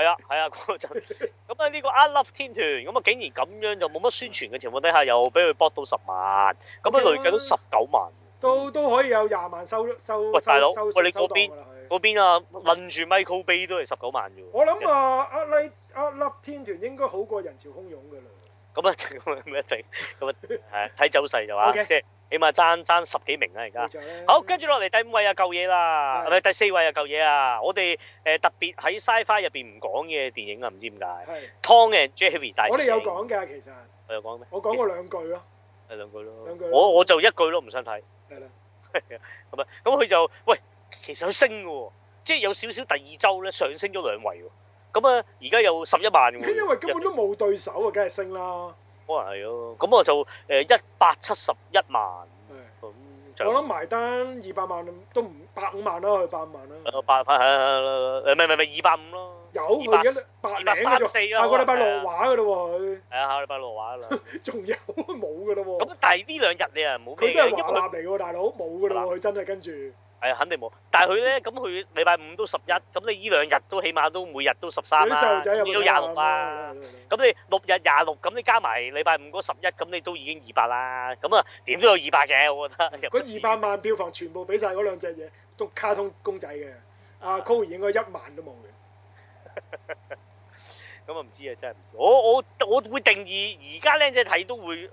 係。啊係啊，嗰個就咁啊！呢個阿 Love 天團咁啊，竟然咁樣就冇乜宣傳嘅情況底下，又俾佢博到十萬，咁啊累計到十九萬、嗯嗯。都都可以有廿萬收收。喂收大佬，喂你嗰邊嗰邊啊？攬住 Michael Bay 都係十九萬啫我諗啊，阿 l、uh, Love 天團應該好過人潮洶湧㗎啦。咁啊，咁啊定，咁啊係睇走勢就話，即 係、okay. 起碼爭爭十幾名啦而家。好，跟住落嚟第五位啊舊嘢啦，第四位啊舊嘢啊。我哋、呃、特別喺 Sci-Fi 入面唔講嘅電影啊，唔知點解。係。Tom and Jerry，但係我哋有講㗎。其實。有講咩？我講過兩句咯。係兩句咯。兩句。我我就一句都唔想睇。啦。咁 啊，咁佢就喂，其實升喎，即、就、係、是、有少少第二週咧上升咗兩位喎。咁啊，而家有十一萬喎。因為根本都冇對手啊，梗係升啦。可能係咯。咁我就誒一百七十一萬。咁、嗯、我諗埋單二百萬都唔百五萬啦，係百五萬啦。百百誒唔係唔係二百五咯。萬萬250，有佢而家百三十四啊，下個禮拜落畫噶啦喎。係啊，下個禮拜落畫啦。仲 有冇噶啦？咁 但係呢兩日你啊冇佢都係華納嚟喎，大佬冇噶啦，佢真係跟住。係肯定冇，但係佢咧咁佢禮拜五都十一，咁你呢兩日都起碼每都每日都十三啦，細路仔見到廿六啦，咁、啊、你六日廿六，咁你加埋禮拜五嗰十一，咁你都已經二百啦，咁啊點都有二百嘅，我覺得。嗰二百萬票房全部俾晒嗰兩隻嘢，都卡通公仔嘅，阿、uh, Cool 應該一萬都冇嘅。咁啊唔知啊，真係唔知。我我我會定義而家靚仔睇都會。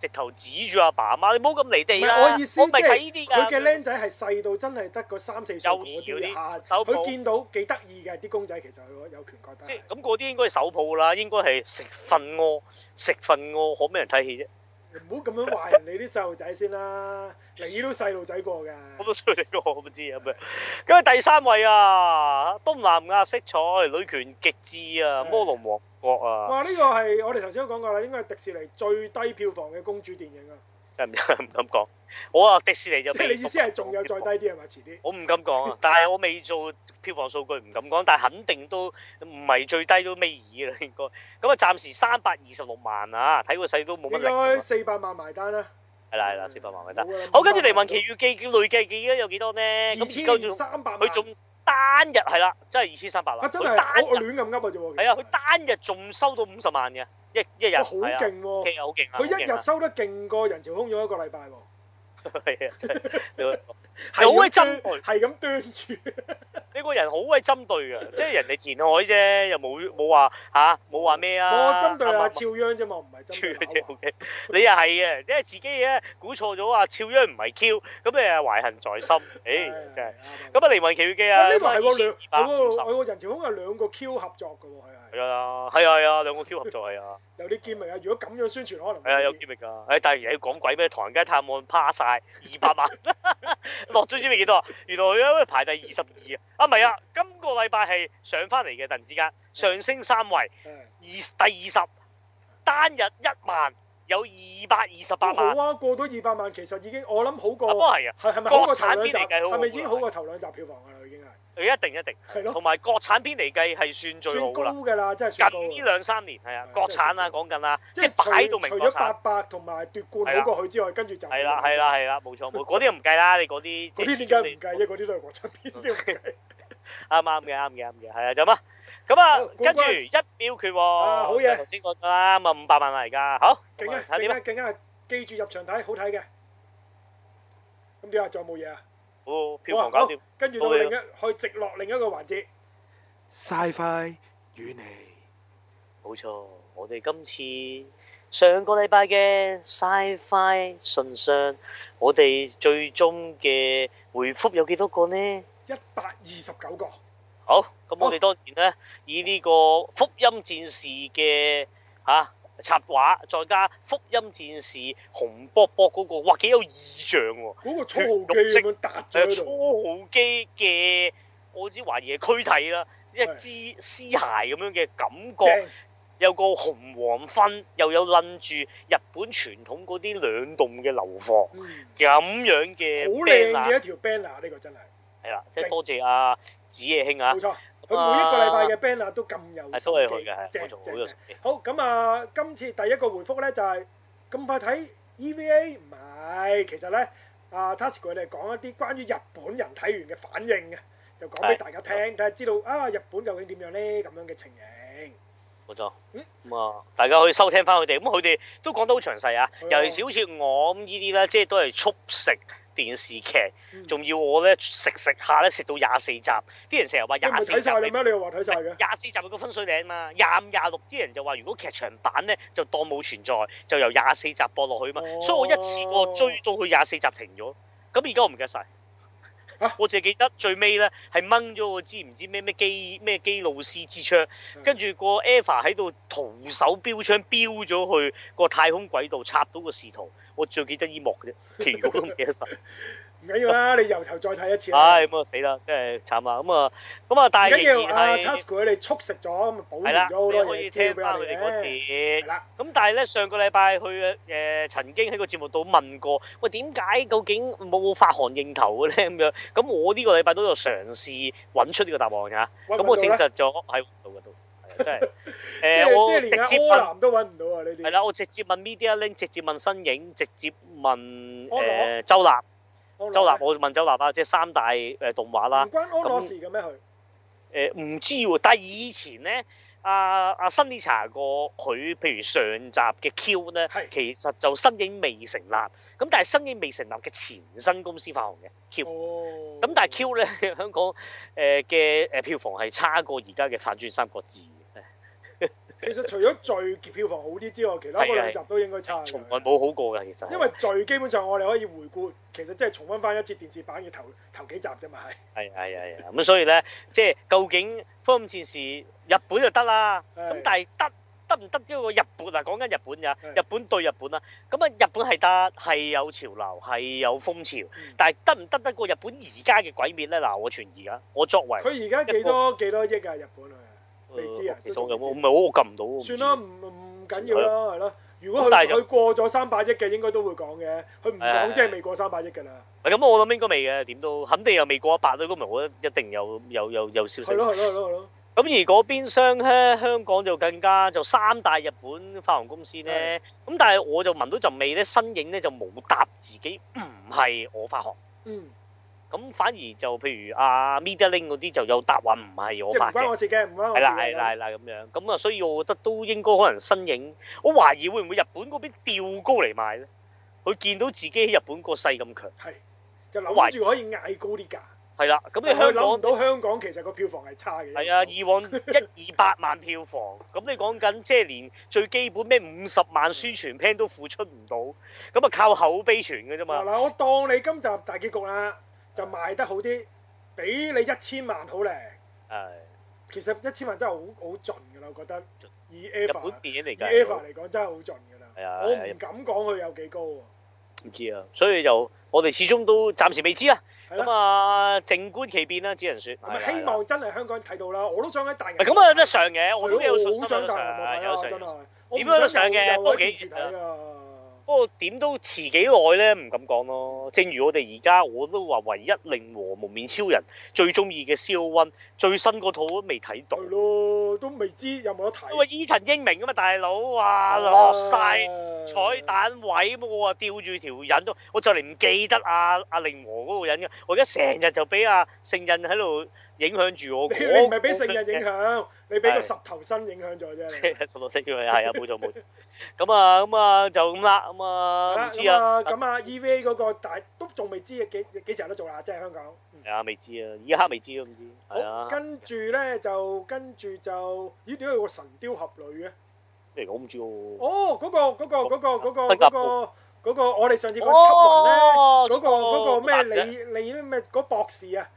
直頭指住阿爸阿媽，你唔好咁離地啊！我意思即係佢嘅僆仔係細到真係得個三四歲嗰啲啫，收佢見到幾得意嘅啲公仔，其實佢有權覺得。即係咁嗰啲應該係手抱啦，應該係食糞屙，食糞屙可咩人睇戲啫？唔好咁樣話人哋啲細路仔先啦，你都細路仔過嘅。我都細路仔過，我唔知係咪。咁第三位啊，東南亞色彩女權極致啊，魔龍王。我啊，哇！呢個係我哋頭先都講過啦，應該係迪士尼最低票房嘅公主電影啊。真唔真唔敢講，我啊迪士尼就即係你意思係仲有再低啲係咪？遲啲我唔敢講啊，但係我未做票房數據，唔敢講。但係肯定都唔係最低都尾二啦，應該咁啊。暫時三百二十六萬啊，睇個細都冇乜應該四百萬埋單啦。係啦係啦，四百萬埋單。好，跟住《靈魂奇遇記》累計幾多有幾多呢？二千三百萬。單日係啦，真係二千三百萬啦，佢我亂咁噏啊，啫喎！係啊，佢單日仲收到五十萬嘅，一一日好勁喎，好勁啊，佢、啊啊啊啊、一日收得勁過人潮洶湧一個禮拜喎。係 啊，好鬼針對的，係咁端住。你個人好鬼針對噶，即係人哋填海啫，又冇冇話吓，冇話咩啊？我針對阿昭央啫嘛，唔係針對阿超央你又係啊，即係、okay、自己嘅估錯咗啊。昭央唔係 Q，咁你又懷恨在心。誒、哎，真 係。咁啊，《靈魂奇遇記》啊，呢個係我兩，我我人潮好係兩個 Q 合作嘅，係啊。係啊，係啊，係啊，兩個 Q 合作係啊， 啊。有啲揭秘啊，如果咁樣宣傳，可能係啊有揭秘噶。哎，但係而家要講鬼咩？唐人街探案趴晒二百萬， 落咗知未幾多啊？原來佢因為排第二十二啊，啊唔係啊，今個禮拜係上翻嚟嘅，突然之間上升三位，二 第二十單日一萬有二百二十八萬。萬好啊，過到二百萬，其實已經我諗好過。都係啊，係係咪好過頭兩集？係咪已經好過頭兩集票房啊？佢一定一定，同埋國產片嚟計係算最好啦。近呢兩三年係啊，國產啦講緊啦，即係擺到明國產。除咗八佰同埋奪冠好過佢之外，跟住就係啦，係啦，係啦，冇錯，冇嗰啲就唔計啦，你嗰啲。嗰啲點解唔計啫？嗰啲都係國產片，點計？啱啱嘅，啱嘅，啱嘅，係啊，就咁啊，咁啊，跟住一秒決喎。好嘢，頭先講咗啦，五百萬啦，而家好。勁啊！睇點啊？記住入場睇，好睇嘅。咁點啊？仲有冇嘢啊？哦，票房搞掂，跟住到另一去直落另一個環節。Sci-Fi 與你冇錯，我哋今次上個禮拜嘅 Sci-Fi 信箱，我哋最終嘅回覆有幾多個呢？一百二十九個。好，咁我哋當然咧，以呢個福音戰士嘅吓。插畫再加福音戰士紅卜卜嗰個，哇幾有意象喎！嗰、嗰個初號機咁樣打住佢，初號機嘅我知懷疑係軀體啦，一隻絲鞋咁樣嘅感覺，有個紅黃分，又有諗住日本傳統嗰啲兩棟嘅樓房咁、嗯、樣嘅。好靚嘅一條 banner，呢個真係。係啦，即係多謝阿子夜兄啊！佢每一個禮拜嘅 band 啊，都咁有心機，正正嘅。好咁啊，今次第一個回覆咧就係咁快睇 EVA，唔係，其實咧啊，Tasuku 佢哋講一啲關於日本人睇完嘅反應嘅，就講俾大家聽，睇下知道啊日本究竟點樣咧咁樣嘅情形。冇錯，嗯咁啊，大家可以收聽翻佢哋，咁佢哋都講得好詳細啊，尤其是好似我咁依啲啦，即係都係速食。電視劇仲要我咧食食下咧食到廿四集，啲人成日話廿四集。你咩？你又話睇晒㗎。廿四集係個分水嶺嘛，廿五、廿六啲人就話如果劇場版咧就當冇存在，就由廿四集播落去嘛，哦。所以我一次過追到去廿四集停咗。咁而家我唔記得曬，啊，我淨係記得最尾咧係掹咗我知唔知咩咩基咩基魯斯之槍，跟、嗯、住個 EVA 喺度徒手標槍標咗去個太空軌道插到個視圖。我最記得依幕嘅啫，條我都唔記得晒。唔緊要啦，你由頭再睇一次。唉，咁啊，死啦，真係慘啊！咁啊，咁啊，但係仍然係 Tasuku 佢哋速食咗，咁咪補唔可以聽翻佢哋嗰碟啦。咁但係咧，上個禮拜去誒曾經喺個節目度問過，喂點解究竟冇發汗應頭嘅咧咁樣？咁我呢個禮拜都有嘗試揾出呢個答案㗎。咁我證實咗喺 就是呃、即係，誒我直接都揾唔到啊呢啲。係啦，我直接問、啊、問 MediaLink，直接問身影，直接問誒周、呃、立，周立，我問周立是、呃、啊，即係三大誒動畫啦。唔關安樂事嘅咩佢？誒唔知喎，但係以前咧，阿阿新你查過佢，譬如上集嘅 Q 咧，其實就身影未成立，咁但係身影未成立嘅前身公司發行嘅 Q，咁、哦、但係 Q 咧，香港誒嘅誒票房係差過而家嘅《反轉三個字》。其實除咗最票房好啲之外，其他嗰兩集都應該差嘅。從來冇好過㗎，其實。因為聚基本上我哋可以回顧，其實即係重温翻一次電視版嘅頭頭幾集啫嘛，係。係係係啊，咁所以咧，即係究竟《酷寒戰士》日本就得啦。咁但係得得唔得？因為日本嗱，講緊日本㗎，日本對日本啦。咁啊，日本係得係有潮流，係有風潮，嗯、但係得唔得得過日本而家嘅鬼滅咧？嗱，我存疑啊！我作為佢而家幾多一幾多億啊？日本佢。未知啊，其實我知我唔係我撳唔到。算啦唔啦，唔唔緊要啦，係咯。如果佢佢過咗三百億嘅，應該都會講嘅。佢唔講，即係未過三百億㗎啦。唔，咁我諗應該未嘅，點都肯定又未過一百都咁，咪我覺得一定有有有有消息。咯係咯係咯係咯。咁而嗰邊商香港就更加就三大日本發行公司咧。咁但係我就聞到就未咧，身影咧就冇答自己，唔係我發行。嗯。咁反而就譬如阿 m i d l i n g 嗰啲就有答案唔係我拍嘅，唔關我事嘅，唔關我事。係啦，係啦，係啦，咁樣咁啊，所以我覺得都應該可能身影，我懷疑會唔會日本嗰邊吊高嚟賣咧？佢見到自己喺日本個勢咁強，係就諗住可以嗌高啲價。係啦，咁你香港到香港其實個票房係差嘅。係啊，以往一二百 萬票房，咁你講緊即係連最基本咩五十萬宣傳 plan 都付出唔到，咁啊靠口碑傳嘅啫嘛。嗱，我當你今集大結局啦。就賣得好啲，俾你一千萬好靚。誒，其實一千萬真係好好盡噶啦，我覺得。日本電影嚟講，而嚟講真係好盡㗎啦。我唔敢講佢有幾高啊，唔知啊，所以就我哋始終都暫時未知啊。咁啊，靜觀其變啦，只能説。咁係希望真係香港睇到啦，我都想喺大陸。咁啊，有得上嘅，我有樣都好想大陸睇啊，真係。點樣得上嘅？都幾值得。不過點都遲幾耐咧，唔敢講咯。正如我哋而家，我都話唯一令和蒙面超人最中意嘅肖溫最新嗰套都未睇到。係咯，都未知有冇得睇。因為，伊藤英明啊嘛，大佬啊，落晒彩蛋位冇啊，吊住條引都，我就嚟唔記得阿、啊、阿令和嗰個人嘅，我而家成日就俾阿聖印喺度。影響住我，我唔係俾成日影響，你俾個十頭身影響咗啫。十頭身啫，係啊，冇錯冇錯。咁啊，咁啊，就咁啦，咁啊，唔知啊。咁啊，EVA 嗰個，但係都仲未知幾幾時有得做啦，即係香港。係啊，未知啊，而家未知都唔知。好，跟住咧，就跟住就咦？點解有個神雕俠侶嘅？呢個我唔知喎。哦，嗰個嗰個嗰個嗰個嗰個嗰個，我哋上次嗰輯雲咧，嗰個嗰個咩你你咩嗰博士啊？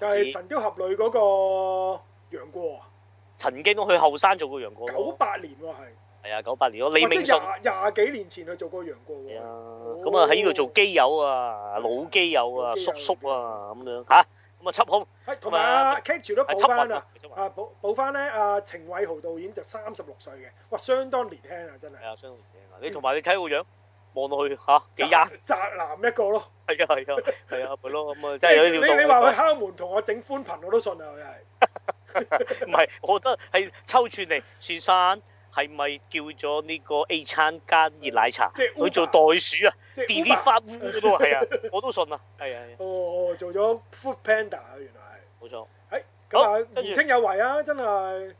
就係、是《神鵰俠侶》嗰個楊過啊，曾經都去後山做過楊過98，九八年喎係。係啊，九八年咯，李銘順廿廿幾年前去做過楊過喎，哦。啊，咁啊喺呢度做基友啊，老基友啊，叔叔啊咁樣嚇，咁啊插空。同埋啊 c a t c h 都補翻啦，啊補補翻咧，啊，了啊程偉豪導演就三十六歲嘅，哇，相當年輕啊，真係。係啊，相當年輕啊，你同埋你睇個樣。嗯望到佢吓，幾吔？宅男一個咯，係啊係啊，係啊咪咯咁啊，即係有啲料到。你你話佢敲門同我整寬頻 我都信啊！又係唔係？我覺得係抽轉嚟，先生係咪叫咗呢個 A 餐加熱奶茶？即係去做袋鼠啊？即係 Uber？ 都係啊，我都信啊！係啊！ 哦，做咗 Food Panda 啊，原來係冇錯。哎，咁啊，年青有為啊，真係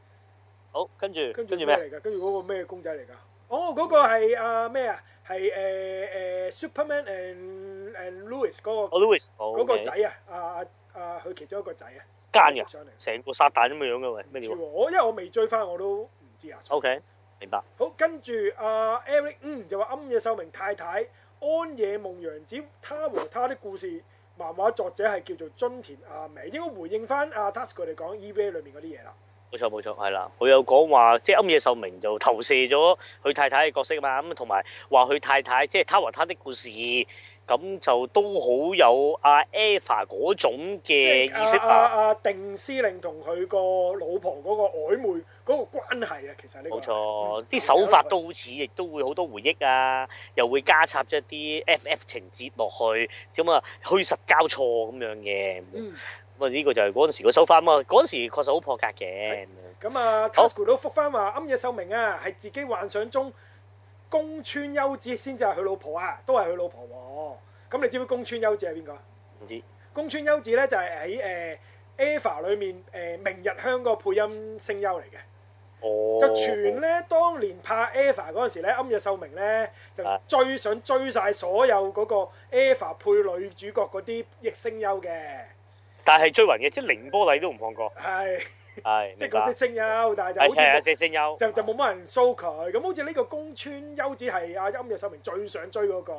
好。跟住跟住咩嚟噶？跟住嗰個咩 公仔嚟噶？哦，嗰、那個係咩啊？係誒誒 Superman and and Lois 嗰、那個，Lois 嗰仔啊！啊啊，佢其中一個仔啊，奸人，上嚟，成個撒旦咁嘅樣嘅喂，咩料？我因為我未追翻，我都唔知啊。O、okay, K，明白。好，跟住啊，Eric 嗯就話庵野秀明太太安野夢洋子，他和他的故事漫畫作者係叫做津田亞美，應該回應翻阿 Tasuku 哋講 EVA 裏面嗰啲嘢啦。冇錯冇錯，係啦，佢有講話，即係庵野秀明就投射咗佢太太嘅角色嘛，咁同埋話佢太太，即係他和他的故事，咁就都好有阿 Eva 嗰種嘅意識啊。阿、啊、阿、啊、定司令同佢個老婆嗰個曖昧嗰個關係啊，其實呢？冇錯，啲、嗯、手法都好似，亦都會好多回憶啊，又會加插咗啲 FF 情節落去，咁啊虛實交錯咁樣嘅。嗯。咁、啊、呢、這個就係嗰陣時個手法嘛，嗰陣時確實好破格嘅。咁啊，Tasuku 都覆返話，庵野秀明啊，係、嗯啊哦啊、自己幻想中宮村優子先至係佢老婆啊，都係佢老婆喎、啊。咁你知唔知宮村優子係邊個？唔知。宮村優子咧就係喺誒《呃、EVA》裏面誒、呃、明日香個配音聲優嚟嘅。哦。就全咧，當年拍《EVA》嗰陣時咧，庵野秀明咧就追想追晒所有嗰個《EVA》配女主角嗰啲聲優嘅。但係追雲嘅，即係凌波麗都唔放過。係係，即係嗰啲聲優，但係就好似阿謝聲優，就就冇乜人掃佢。咁好似呢個宮村優子係阿庵野秀明最想追嗰、嗰個。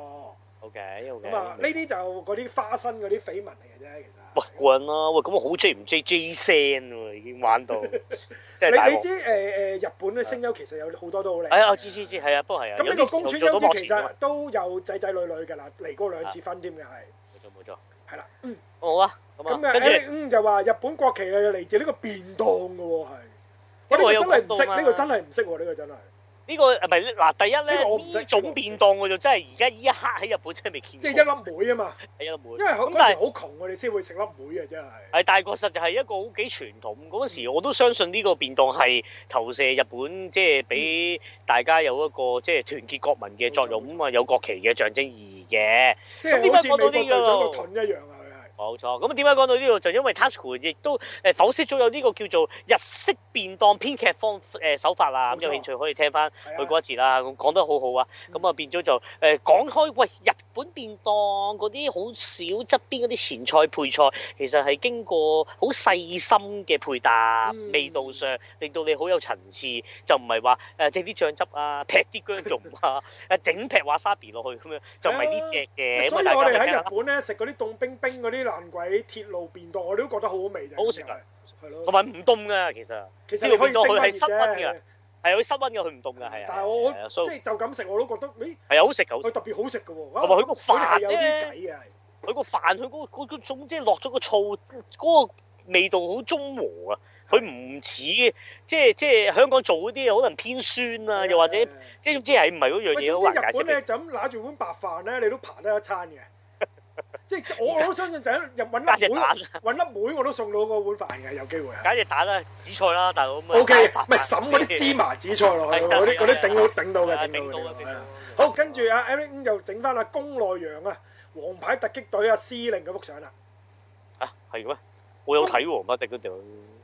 OK OK，咁啊，呢啲就嗰啲花心嗰啲緋聞嚟嘅啫，其實。喂，慣啦！喂，咁我好追唔追 G 線喎？已經玩到，即係你你知誒誒、呃、日本嘅聲優其實有好多都好靚。係、哎、啊，知知知，係啊，不過係啊。咁呢個宮村優子其實都，都有仔仔女女㗎啦，離過兩次婚添嘅係。冇錯冇錯，係啦，嗯。哦、啊好啊，咁啊，誒嗯就話日本國旗啊，嚟自呢個便當嘅喎，係，我哋真係唔識呢個，真係唔識喎，呢、這個真係。呢、這個唔係嗱、這個，第一咧呢、這個、種便當、這個、我就真係而家依一刻喺日本真係未見過。即、就、係、是、一粒梅啊嘛，係一粒梅。因為好窮我哋先會食粒梅啊。真係，但係確實就係一個好幾傳統。嗰、嗯、時我都相信呢個便當係投射日本，即係俾大家有一個即係團結國民嘅作用，咁、嗯、啊有國旗嘅象徵意義嘅。即、嗯、係、就是、好似美國隊長個盾一樣冇錯，咁啊點解講到呢度就因為 Tasuku 亦都誒仿似咗有呢個叫做日式便當編劇方誒、呃、手法啊，咁有興趣可以聽翻佢嗰一節啦，講、啊、得好好啊，咁、嗯、啊變咗就誒講、呃、開，喂日本便當嗰啲好少側邊嗰啲前菜配菜，其實係經過好細心嘅配搭、嗯，味道上令到你好有層次，就唔係話誒即啲醬汁啊，劈啲薑蓉啊，誒 整、啊、劈瓦沙比落去咁樣，就唔係呢隻嘅。所以我哋喺日本咧食嗰啲凍冰冰嗰啲。爛鬼鐵路便當，我哋都覺得好好味好好食噶，同埋唔凍噶，其實。其咗佢係室溫嘅，係佢室溫嘅，佢唔凍嘅，係啊。但係我即係就咁食，我都覺得誒。係啊，好食噶，佢特別好食嘅喎。同埋佢個飯咧，佢個飯佢嗰嗰嗰種即係落咗個醋，嗰、嗰個味道好中和啊。佢唔似即係即係香港做嗰啲可能偏酸啊，又或者即係即係唔係嗰樣嘢好難解。但總之日本咧就咁揦住碗白飯咧，你都爬得一餐嘅。 即係我好相信就喺入揾粒蛋，揾粒妹？我都送到嗰碗飯嘅，有機會啊！加隻蛋啦，紫菜啦，大佬 O K，唔係審嗰啲芝麻紫菜落去，嗰啲嗰啲頂到頂到嘅頂到嘅。好，跟住、啊、阿 Eric 又整翻阿宮內陽啊，王牌突擊隊啊，司令嘅幅相啦。吓係嘅咩？我有睇王牌特嗰條。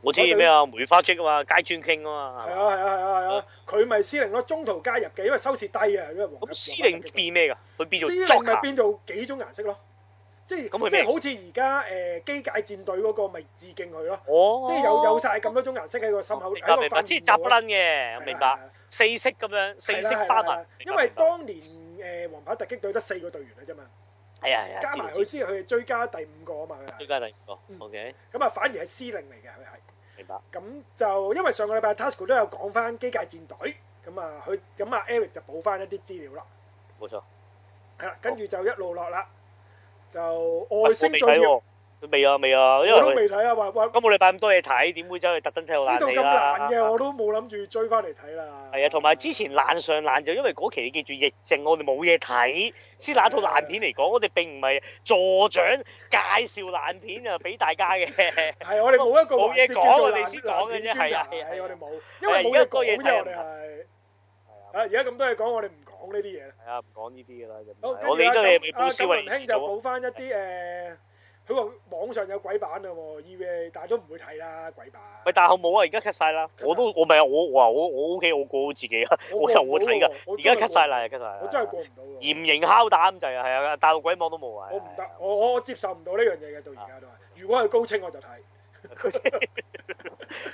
我知咩啊？梅花 j 啊嘛，街磚 k 啊嘛。係啊係啊係啊係啊！佢咪司令咯，中途加入嘅，因為收視低啊，因為王牌特。咁司令變咩噶？佢變咗。司令咪變做幾種顏色咯。即係即係好似而家誒機界戰隊嗰個，咪致敬佢咯。哦！即係有有曬咁多種顏色喺個心口，喺個塊面。好似雜撚嘅，明白。四色咁樣，四色花紋。因為當年誒黃牌突擊隊得四個隊員啊啫嘛。係啊，加埋佢先，佢追加第五個啊嘛。追加第五個，OK。咁啊，反而係司令嚟嘅佢係。明白。咁就因為上個禮拜 Tasuku 都有講翻機界戰隊，咁啊佢咁啊 Eric 就補翻一啲資料啦。冇錯。係啦，跟住就一路落啦。就我未睇喎，未啊未啊，啊，因為我都未睇啊，話咁冇你擺咁多嘢睇，點會走去特登睇到爛戲啦？呢套爛嘅，我都冇諗住追翻嚟睇啦。係啊，同埋、啊啊啊啊，之前爛上爛，就因為嗰期你記住疫症》我沒看，我哋冇嘢睇，先拿套爛片嚟講，我哋並唔係助長介紹爛片啊俾大家嘅。係我哋冇一個冇嘢講，我哋先講嘅啫，係啊係啊，我哋冇、 啊啊啊啊，因為冇一個嘢，我哋係啊，而家咁多嘢講，我哋唔。講呢啲嘢啦，係啊，唔講呢啲嘅啦，好，我你都係啊。咁文卿就補翻一啲誒，佢話網上有鬼版啦喎，以為但係都唔會睇啦，鬼版。喂，但係好冇啊，而家 cut 曬啦。我都我唔係啊，我話我我 O K，我過好自己啊，我由我睇噶。而家 cut 曬啦，cut 曬啦。我真係過唔到啊。嚴刑敲打咁滯啊，係啊，大陸鬼網都冇啊。我唔得，我我接受唔到呢樣嘢嘅，到而家都係。如果係高清我就睇。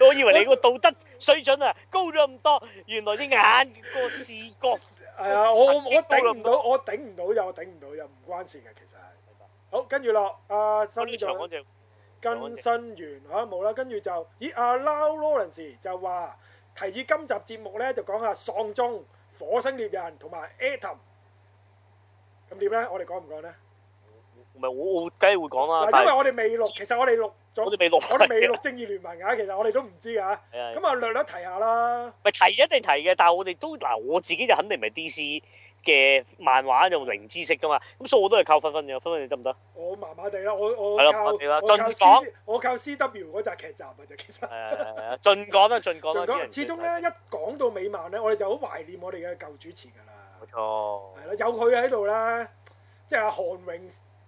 我以為你個道德水準啊高咗咁多，原來啲眼個視覺，係啊，我我頂唔到，我頂唔到又頂唔到又唔關事嘅其實係。好，跟住落阿新長跟新完更新完嚇冇啦，跟住就咦阿 Lawrence 就話，提議今集節目咧就講下喪鐘、火星獵人同埋 Atom，咁點咧？我哋講唔講咧？唔係我，我梗係會講啦。嗱，因為我哋未錄，其實我哋錄咗，我哋未錄，我哋未錄《正義聯盟》啊。 其實我哋都唔知啊。咁啊，略略提下啦。咪提一定提嘅，但係我哋都嗱，我自己就肯定唔係 DC 嘅漫畫用零知識噶嘛。咁所以我都係靠分分嘅，分分你得唔得？我麻麻哋啦，我我靠，盡講，我靠 CW 嗰集劇集啊，就其實。係啊係啊，盡講啊盡講。盡講始終咧一講到美漫咧，我哋就好懷念我哋嘅舊主持噶啦。冇錯。係啦，有佢喺度啦，即係韓榮。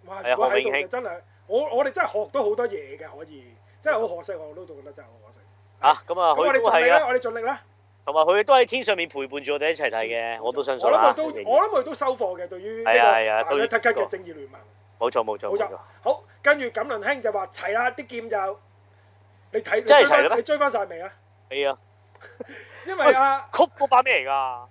我喺度真係，我我哋真係學到好多嘢嘅，可以真係好可惜，我都覺得真係好可惜。嚇，咁啊，咁我哋盡力啦，我哋盡力啦，同埋佢都喺天上面陪伴住我哋一齊睇嘅，我都相信。我諗佢都，我諗佢都收貨嘅。對於係啊係啊，對於 cut 嘅《正，正義聯盟》。冇錯冇錯冇錯。好，跟住錦麟兄就話齊啦，啲劍就你睇，你追翻，你追翻晒未啊？未啊。 因為啊，哎、曲嗰版嚟㗎。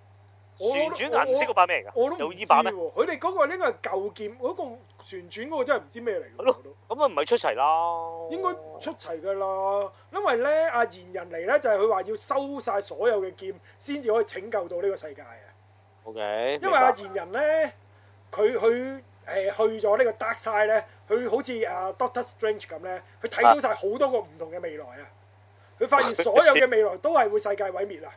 旋轉，我唔識嗰把咩嚟噶，又依把咩？佢哋嗰個呢個係舊劍，嗰、那個旋轉嗰個真係唔知咩嚟、嗯。係咁啊，唔係出齊啦？應該出齊噶啦，因為咧阿賢人嚟咧就係佢話要收晒所有嘅劍，先至可以拯救到呢個世界啊。O K，因為阿、啊、賢人咧，佢去誒去咗呢個 Dark Side 咧、啊，佢好似阿 Doctor Strange 咁咧，佢睇到晒好多個唔同嘅未來啊，佢發現所有嘅未來都係會世界毀滅啦。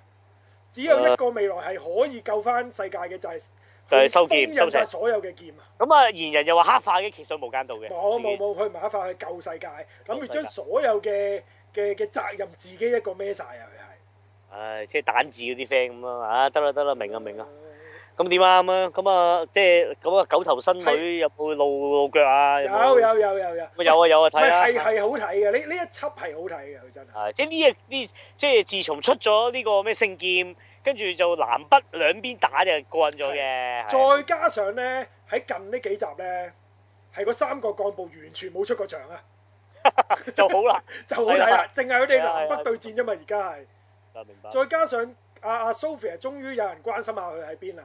只有一個未來係可以救翻世界嘅，就係就係收劍，收晒所有嘅劍啊！咁啊，賢人又話黑化嘅，其實無間道嘅，冇冇冇，佢唔係黑化去救世界，咁諗住將所有嘅嘅嘅責任自己一個孭晒啊！佢係，唉，即係膽子嗰啲 friend 咁咯，啊，得啦得啦，明啊明啊！咁點啊？咁啊，即係咁啊，九頭身女入去露露腳啊！有有有有有！咪有啊有啊睇啊！係係好睇嘅，呢呢一輯係好睇嘅，佢真係。係即係呢嘢呢，即係自從出咗呢個咩聖劍，跟住就南北兩邊打就過癮咗嘅。再加上咧，喺近呢幾集咧，係嗰三個幹部完全冇出過場啊，就好啦，就好睇啦。淨係佢哋南北對戰啫嘛，而家係。明白。再加上阿阿 Sophia，終於有人關心下佢喺邊啦。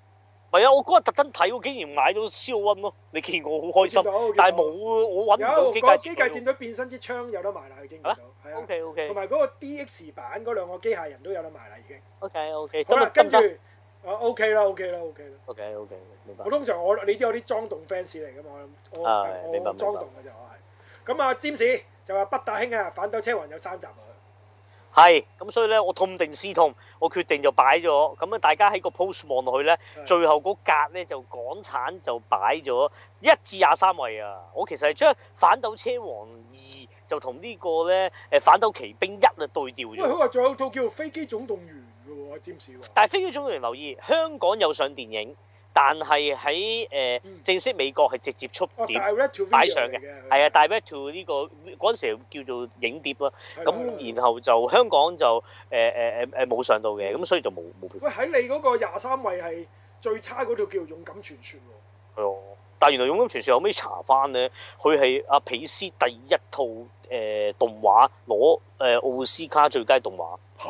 唔係啊！我嗰日特登睇，我竟然買到消溫咯。你見我好開心，看看但係冇我揾唔到機械，機械戰隊變身之槍有得賣啦。已、啊、經，係啊，OK OK，同埋嗰個 D X 版嗰兩個機械人都有得賣啦。已經 OK OK，好啦，跟住、啊、OK 啦，OK 啦，OK 啦，OK OK，我通常我你知我啲裝動 fans 嚟嘅嘛，我我我裝動嘅就我係咁啊。占士就話北大興啊，反斗車王有三集。係，咁所以咧，我痛定思痛，我決定就擺咗，咁啊，大家喺個 post 望落去咧，最後嗰格咧就港產就擺咗一至廿三位啊，我其實係將《反斗車王二》就同呢個咧《反斗奇兵一》啊對調咗。佢話仲有套叫《飛機總動員》噶喎占士喎。但飛機總動員留意，香港有上電影。但係喺誒正式美國係直接出碟、哦、擺上嘅，係啊，direct to 呢個嗰陣時叫做影碟咯。咁然後就香港就誒誒誒誒冇上到嘅，咁所以就冇冇。喂，喺你嗰個廿三位係最差嗰條叫《勇敢傳説》喎。但原來《勇敢傳説》可唔可以查翻咧，佢係阿皮斯第一套誒、呃、動畫攞誒、呃、奧斯卡最佳動畫。嚇！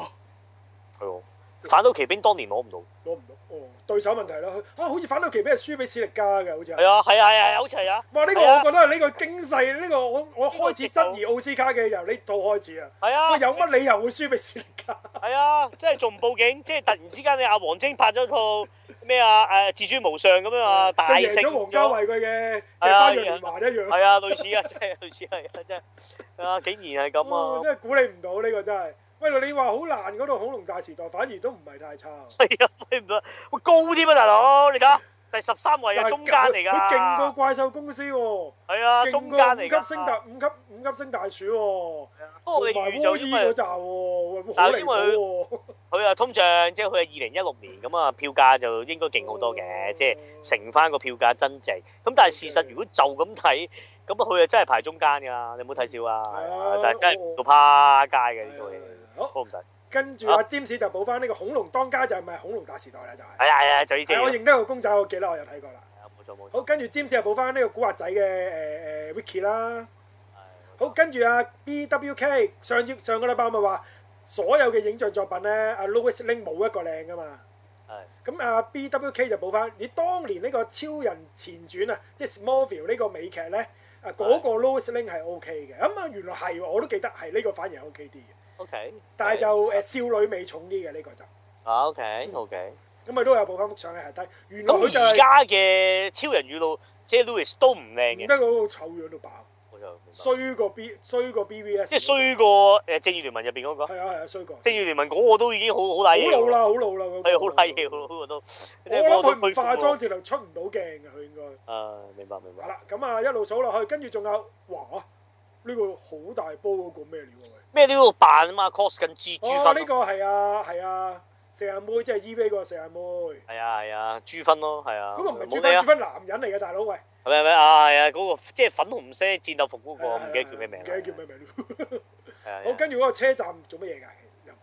係反斗奇兵當年攞唔到,到，攞唔到哦，對手問題啦，吓好似反斗奇兵係輸俾史力加嘅，好似係，係啊係啊係啊，好似係啊,啊,啊,啊。哇，呢、這個我覺得係呢個驚世，呢、啊這個我我開始質疑奧斯卡嘅由呢套開始啊。係啊，有乜理由會輸俾史力加？係啊，即係仲唔報警， 即係突然之間，你阿王晶拍咗套咩啊？誒，至尊無上咁樣、嗯、啊，大勝咗王家衛佢嘅《三少爺》一樣。係啊，類似啊，真係類似係，真係啊，竟然係咁啊！即係估你唔到呢、這個真係。喂，你話好難嗰套《恐龍大時代》，反而都唔係太差。係啊，喂唔好，我高啲啊大佬，你睇第十三位啊，中間嚟㗎。佢勁過怪獸公司喎。係啊，中間嚟㗎。五級升大，五級五級升大鼠喎。同埋蝸牛嗰集喎，好離譜喎。因為佢啊通脹，即係佢係二零一六年咁啊，票價就應該勁好多嘅，即係乘翻個票價增值。咁但係事實如果就咁睇，咁啊佢啊真係排中間㗎，你唔好睇小啊。但係真係唔到趴街嘅呢個嘢。好，跟住阿 James 就補翻呢個恐龍當家就係、是、咪恐龍大時代啦？就係、是，係啊係啊，我認得個公仔，我記得我有睇過啦。冇錯冇錯。好，跟住 James 又補翻呢個古惑仔嘅誒誒 Vicky 啦。好，跟住阿 BWK 上節上個禮拜咪話，所有嘅影像作品咧，阿、啊、Lois Lane 冇一個靚噶嘛。係、哎。咁啊，BWK 就補翻，你當年呢個超人前傳啊，即係 Smallville 呢個美劇咧，啊嗰、哎那個 Lois Lane 係 OK 嘅，咁、嗯、啊原來係，我都記得係呢、這個反而 OK 啲。O、okay, K，但係就誒少女味重啲嘅呢個就，O K O K，咁啊都有部分幅相嘅，但係，原來佢就而家嘅超人與露即係 Lois 都唔靚嘅，唔得嗰、那個醜樣都爆，衰、那個 B 衰過 B V S，即係衰過誒正義聯盟入邊嗰個，係啊係啊衰過正義聯盟嗰個都已經好好大嘢，好老啦好老啦，係啊好大嘢，好老，老，都，老都。我覺得佢化妝就出唔到鏡嘅佢應該，啊明白明白。好啦咁啊一路數落去，跟住仲有哇呢、這個好大波嗰個咩料啊？咩都要扮啊嘛，cos 跟豬豬分。呢、oh, 這個係啊係啊，四阿妹即係 Eve 嗰個四阿妹。係啊係啊，豬、就是啊啊、分咯，係啊。嗰、那個唔係豬分，豬分男人嚟嘅，大佬喂。係咪咪？啊？係啊，嗰、啊啊啊啊啊那個即係粉紅色戰鬥服嗰、那個，唔記得叫咩名，名，名。唔記得叫咩名。我跟住嗰個車站做乜嘢噶？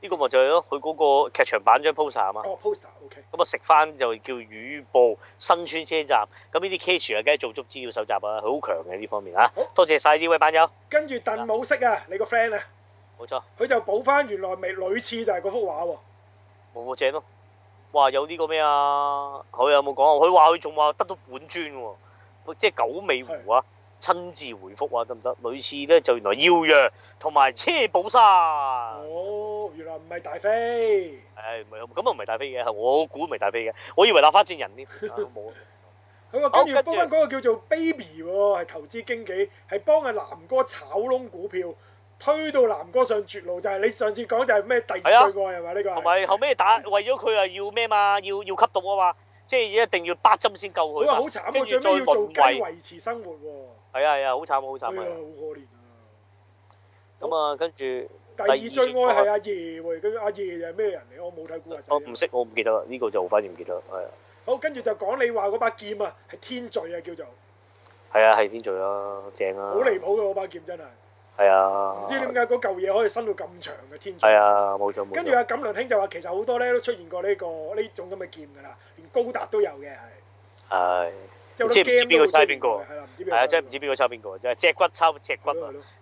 呢、這個咪就係、是、咯，佢、哦、嗰、這個劇、就是哦、場版張 poster 啊、哦、嘛。哦 poster，OK。咁啊，食翻就叫雨布新村車站。咁呢啲 cage 啊，梗係做足資料搜集啊，佢好強嘅呢方面啊。好多謝晒呢位板友。跟住鄧武識啊，你個 friend 啊。冇錯，佢就補翻原來未屢次就係嗰幅畫喎、哦，冇冇正咯、啊？哇，有呢個咩啊？佢有冇講佢話佢仲話得到本尊喎、啊，即係九尾狐啊，親自回覆啊，得唔得？屢次咧就原來耀陽同埋車寶山，哦，原來唔係大飛，唔係咁啊？唔係大飛嘅，我估唔係大飛嘅，我以為立花戰人添、啊，冇、 啊。佢話跟住幫翻嗰個叫做 Baby 喎，係投資經紀，係幫阿南哥炒窿股票。推到南哥上絕路就係你上次講就係咩第二最愛係嘛呢個？同埋、啊、後尾打為咗佢啊要咩嘛？要要吸毒啊嘛！即係一定要八針先救佢。好啊，好慘啊！跟住再做雞維持生活喎。係啊係啊，好慘啊好慘啊！好可憐啊！咁啊，跟住第二最愛係阿爺喎，咁阿爺又係咩人嚟？我冇睇古惑仔。我唔識，我唔記得啦。呢個就反而唔記得啦。係啊。好，跟、嗯、住、啊這個、就講、啊、你話嗰把劍啊，係天罪啊，叫做。係啊，係天罪啦、啊，正啊。好離譜㗎、啊！嗰把劍真係。係、哎、啊，唔知點解嗰嚿嘢可以伸到咁長嘅天柱。啊、哎，冇錯冇錯。跟住阿錦良兄就話，其實好多咧都出現過呢、呢個呢種咁嘅劍㗎啦，連高達都有嘅係。係、哎，即係唔知邊個抄邊個。係啦，唔知邊個。係啊，即係唔知邊個抄邊個，真係、就是、隻骨抄隻骨啊！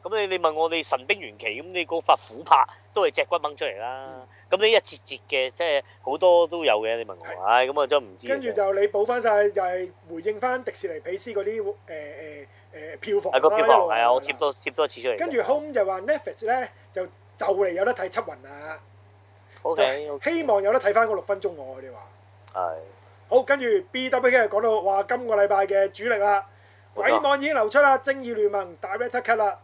咁你你問我哋神兵玄奇咁，你嗰發斧拍都係隻骨掹出嚟啦。嗯咁呢一節節嘅，即係好多都有嘅。你問我，唉，咁、哎、我真唔知。跟住就你補翻晒，就係、是、回應翻迪士尼皮斯嗰啲誒誒誒票房啊、那個，一路係啊、哎，我貼多貼多一次出嚟。跟住 Home 就話 Netflix 咧就就嚟有得睇《七雲》啦。O K O K 希望有得睇翻嗰六分鐘我哋話。係、哎。好，跟住 B W K 又講到話今個禮拜嘅主力啦，鬼網已經流出啦，《正義聯盟》大 Director's Cut 啦。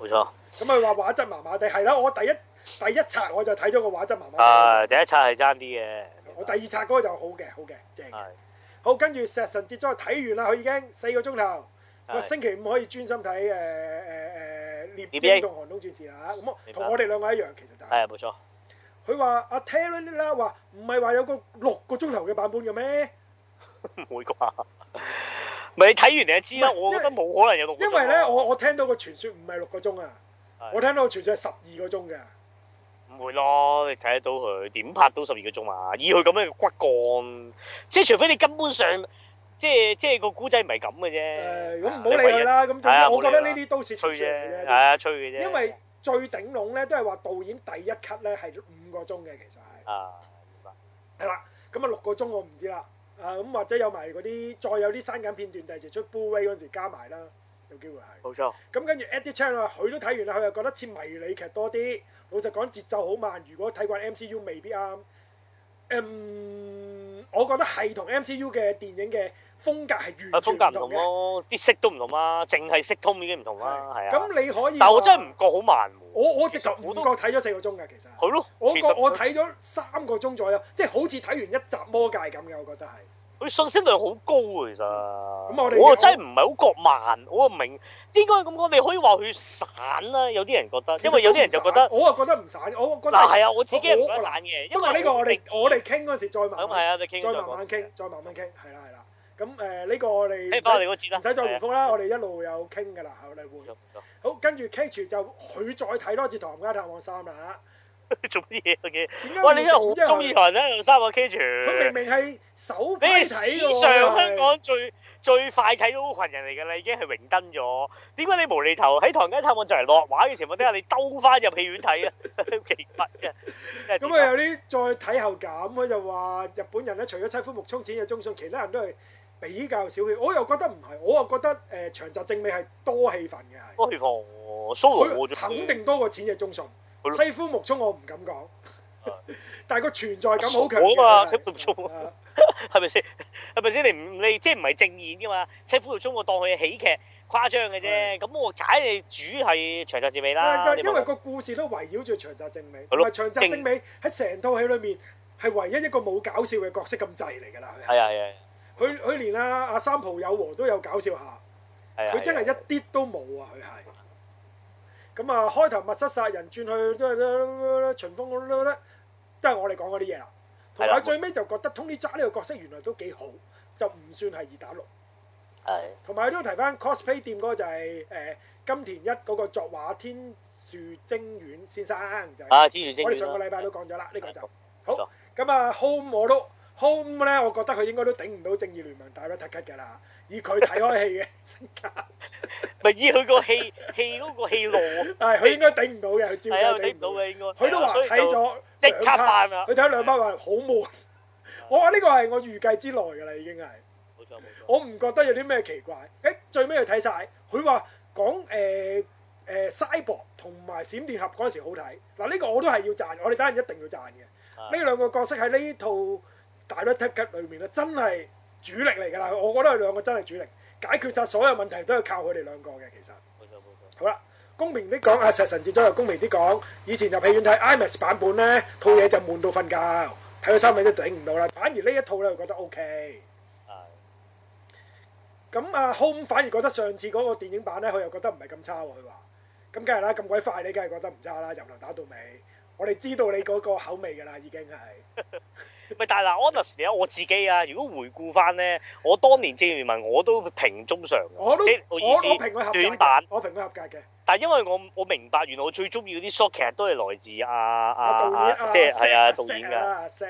冇錯。咁佢話畫質麻麻地係啦，我第一第一刷我就睇咗個畫質麻麻地。第一刷係爭啲嘅。我第二刷嗰個就好嘅，好嘅，正嘅。好，跟住《石神劍》再睇完啦，佢已經四個鐘頭。星期五可以專心睇誒誒誒《獵、呃、鷹》同、呃《寒冬戰士》啦。咁、啊、我同我哋兩個一樣，其實就係、是。係冇錯。佢話阿 Terry 啦，話唔係話有個六個鐘頭嘅版本嘅咩？唔會啩？咪你睇完你就知啦。我覺得冇可能有六個，因為咧，我我聽到個傳說唔係六個鐘啊。是的我聽到，純粹係十二個鐘嘅，唔會咯，你睇得到佢點拍都十二個鐘啊？以佢咁樣嘅骨幹，即係除非你根本上，即係即係個古仔唔係咁嘅啫。誒、呃，咁唔好理佢啦。咁、啊啊、我覺得呢啲都似吹啫，係、呃、啊，吹嘅啫。因為最頂籠咧都係話導演第一級咧係五個鐘嘅，其實係。啊，明白。係啦，咁啊六個鐘我唔知啦。啊咁，或者有埋嗰啲，再有啲刪減片段，第時出 Blu-ray 嗰陣時加埋啦。有機會係，冇錯。咁跟住 add 啲 chat 佢都睇完啦，佢又覺得似迷你劇多啲。老實講，節奏好慢。如果睇慣 MCU，未必啱。嗯，我覺得係同 MCU 嘅電影嘅風格係完全唔同嘅。啲色都唔同啦，淨係色調已經唔同啦，係啊。咁你可以，但我真係唔覺好慢喎。我我直頭我五個睇咗四個鐘嘅其實。好咯。我我睇咗三個鐘左右，即係好似睇完一集魔戒咁嘅，我覺得係。佢信息量好高喎、啊，其、嗯、實，我哋，我真係唔係好覺慢，我唔明點解咁講，你可以話佢散啦。有啲人覺得，因為有啲人就覺得，我又覺得唔散，我覺得係啊，我自己覺得散嘅。不過呢個我哋我哋傾嗰陣時再問，咁啊，啊，啊，再慢慢傾、啊啊這個，再慢慢傾，係啦係啦。咁誒呢個我哋唔使唔使再回覆啦，我哋一路有傾㗎啦，下個例會。好，跟住 Kage 就佢再睇多次《唐人街探案三》啦。做乜嘢嘅？喂，你真係好中意人呢？用三個 K 全，佢明明係手快，你係史上香港最的最快睇到的群人嚟㗎啦，已經係榮登咗。點解你無厘頭喺唐人街探案就嚟落畫嘅時候，我睇下你兜翻入戲院睇啊？ 奇怪啫的！咁 啊，有啲再睇後感，佢就話日本人咧，除咗妻夫木聰錢嘅忠信，其他人都係比較少啲。我又覺得唔係，我又覺得誒長澤正美係多氣氛嘅，係。佩服、啊，蘇豪、啊、肯定多過錢嘅忠信。妻夫木聰我唔敢講、啊，但係個存在感好強好我嘛，妻夫木聰啊？係咪先？係咪先？你唔你即係唔係正演嘅嘛？妻夫木聰我當佢喜劇誇張嘅啫，咁、嗯啊、我解你主係長澤正美啦、啊。因為個故事都圍繞住長澤正美。同、啊、埋長澤正美喺成套戲裏面係唯一一個冇搞笑嘅角色咁滯嚟噶啦。係啊係啊，佢、啊、佢、啊、連阿、啊、阿三浦友和都有搞笑下，佢真係一啲都冇啊！佢係、啊。咁啊，開頭密室殺人轉去都係都係秦風，噠噠噠都係我哋講嗰啲嘢啦。同埋最尾就覺得 Tony Jaa 呢個角色原來都幾好，就唔算係二打六。係。同埋都提返 cosplay 店嗰個就係、是、誒、呃、金田一嗰個作畫天樹征丸先生就係、是啊。我哋上個禮拜都講咗啦，呢、這個就好。咁啊，home 我都 home 咧，我覺得佢應該都頂唔到正義聯盟大家喇特吉㗎啦。以佢睇開戲嘅性格， 咪以佢個戲戲嗰個戲路，但係佢應該頂唔到嘅。佢照唔到，頂唔到嘅應該。佢都話睇咗兩趴，佢睇咗兩趴話好悶。我話呢個係我預計之內嘅啦，已經係。冇錯冇錯。我唔覺得有啲咩奇怪，欸。最尾佢睇晒。佢話講誒誒 Cyborg 同埋閃電俠嗰陣時好睇。嗱，呢個我都係要讚，我哋等陣一定要讚嘅。呢兩個角色喺呢套大律特吉裏面咧，真係。主力嚟㗎啦，我覺得係兩個真係主力，解決曬所有問題都係靠佢哋兩個嘅其實。冇錯冇錯。好啦，公平啲講，阿石神志裝又公平啲講，以前入戲院睇 IMAX 版本咧，套嘢就悶到瞓覺，睇到三尾都頂唔到啦。反而呢一套咧，我又覺得 OK。係。咁阿 Home 反而覺得上次嗰個電影版咧，佢又覺得唔係咁差喎。佢話：，咁梗係啦，咁鬼快你梗係覺得唔差啦，由頭打到尾。我哋知道你嗰個口味㗎啦，已經係 但是。喂，但係嗱，honest，你我自己啊，如果回顧翻咧，我當年正義聯盟我都評中上嘅，即係我都好意思。短版我評佢合格嘅。但係因為我我明白，原來我最中意嗰啲 short 其實都係來自阿阿演，即係係啊，啊導演㗎，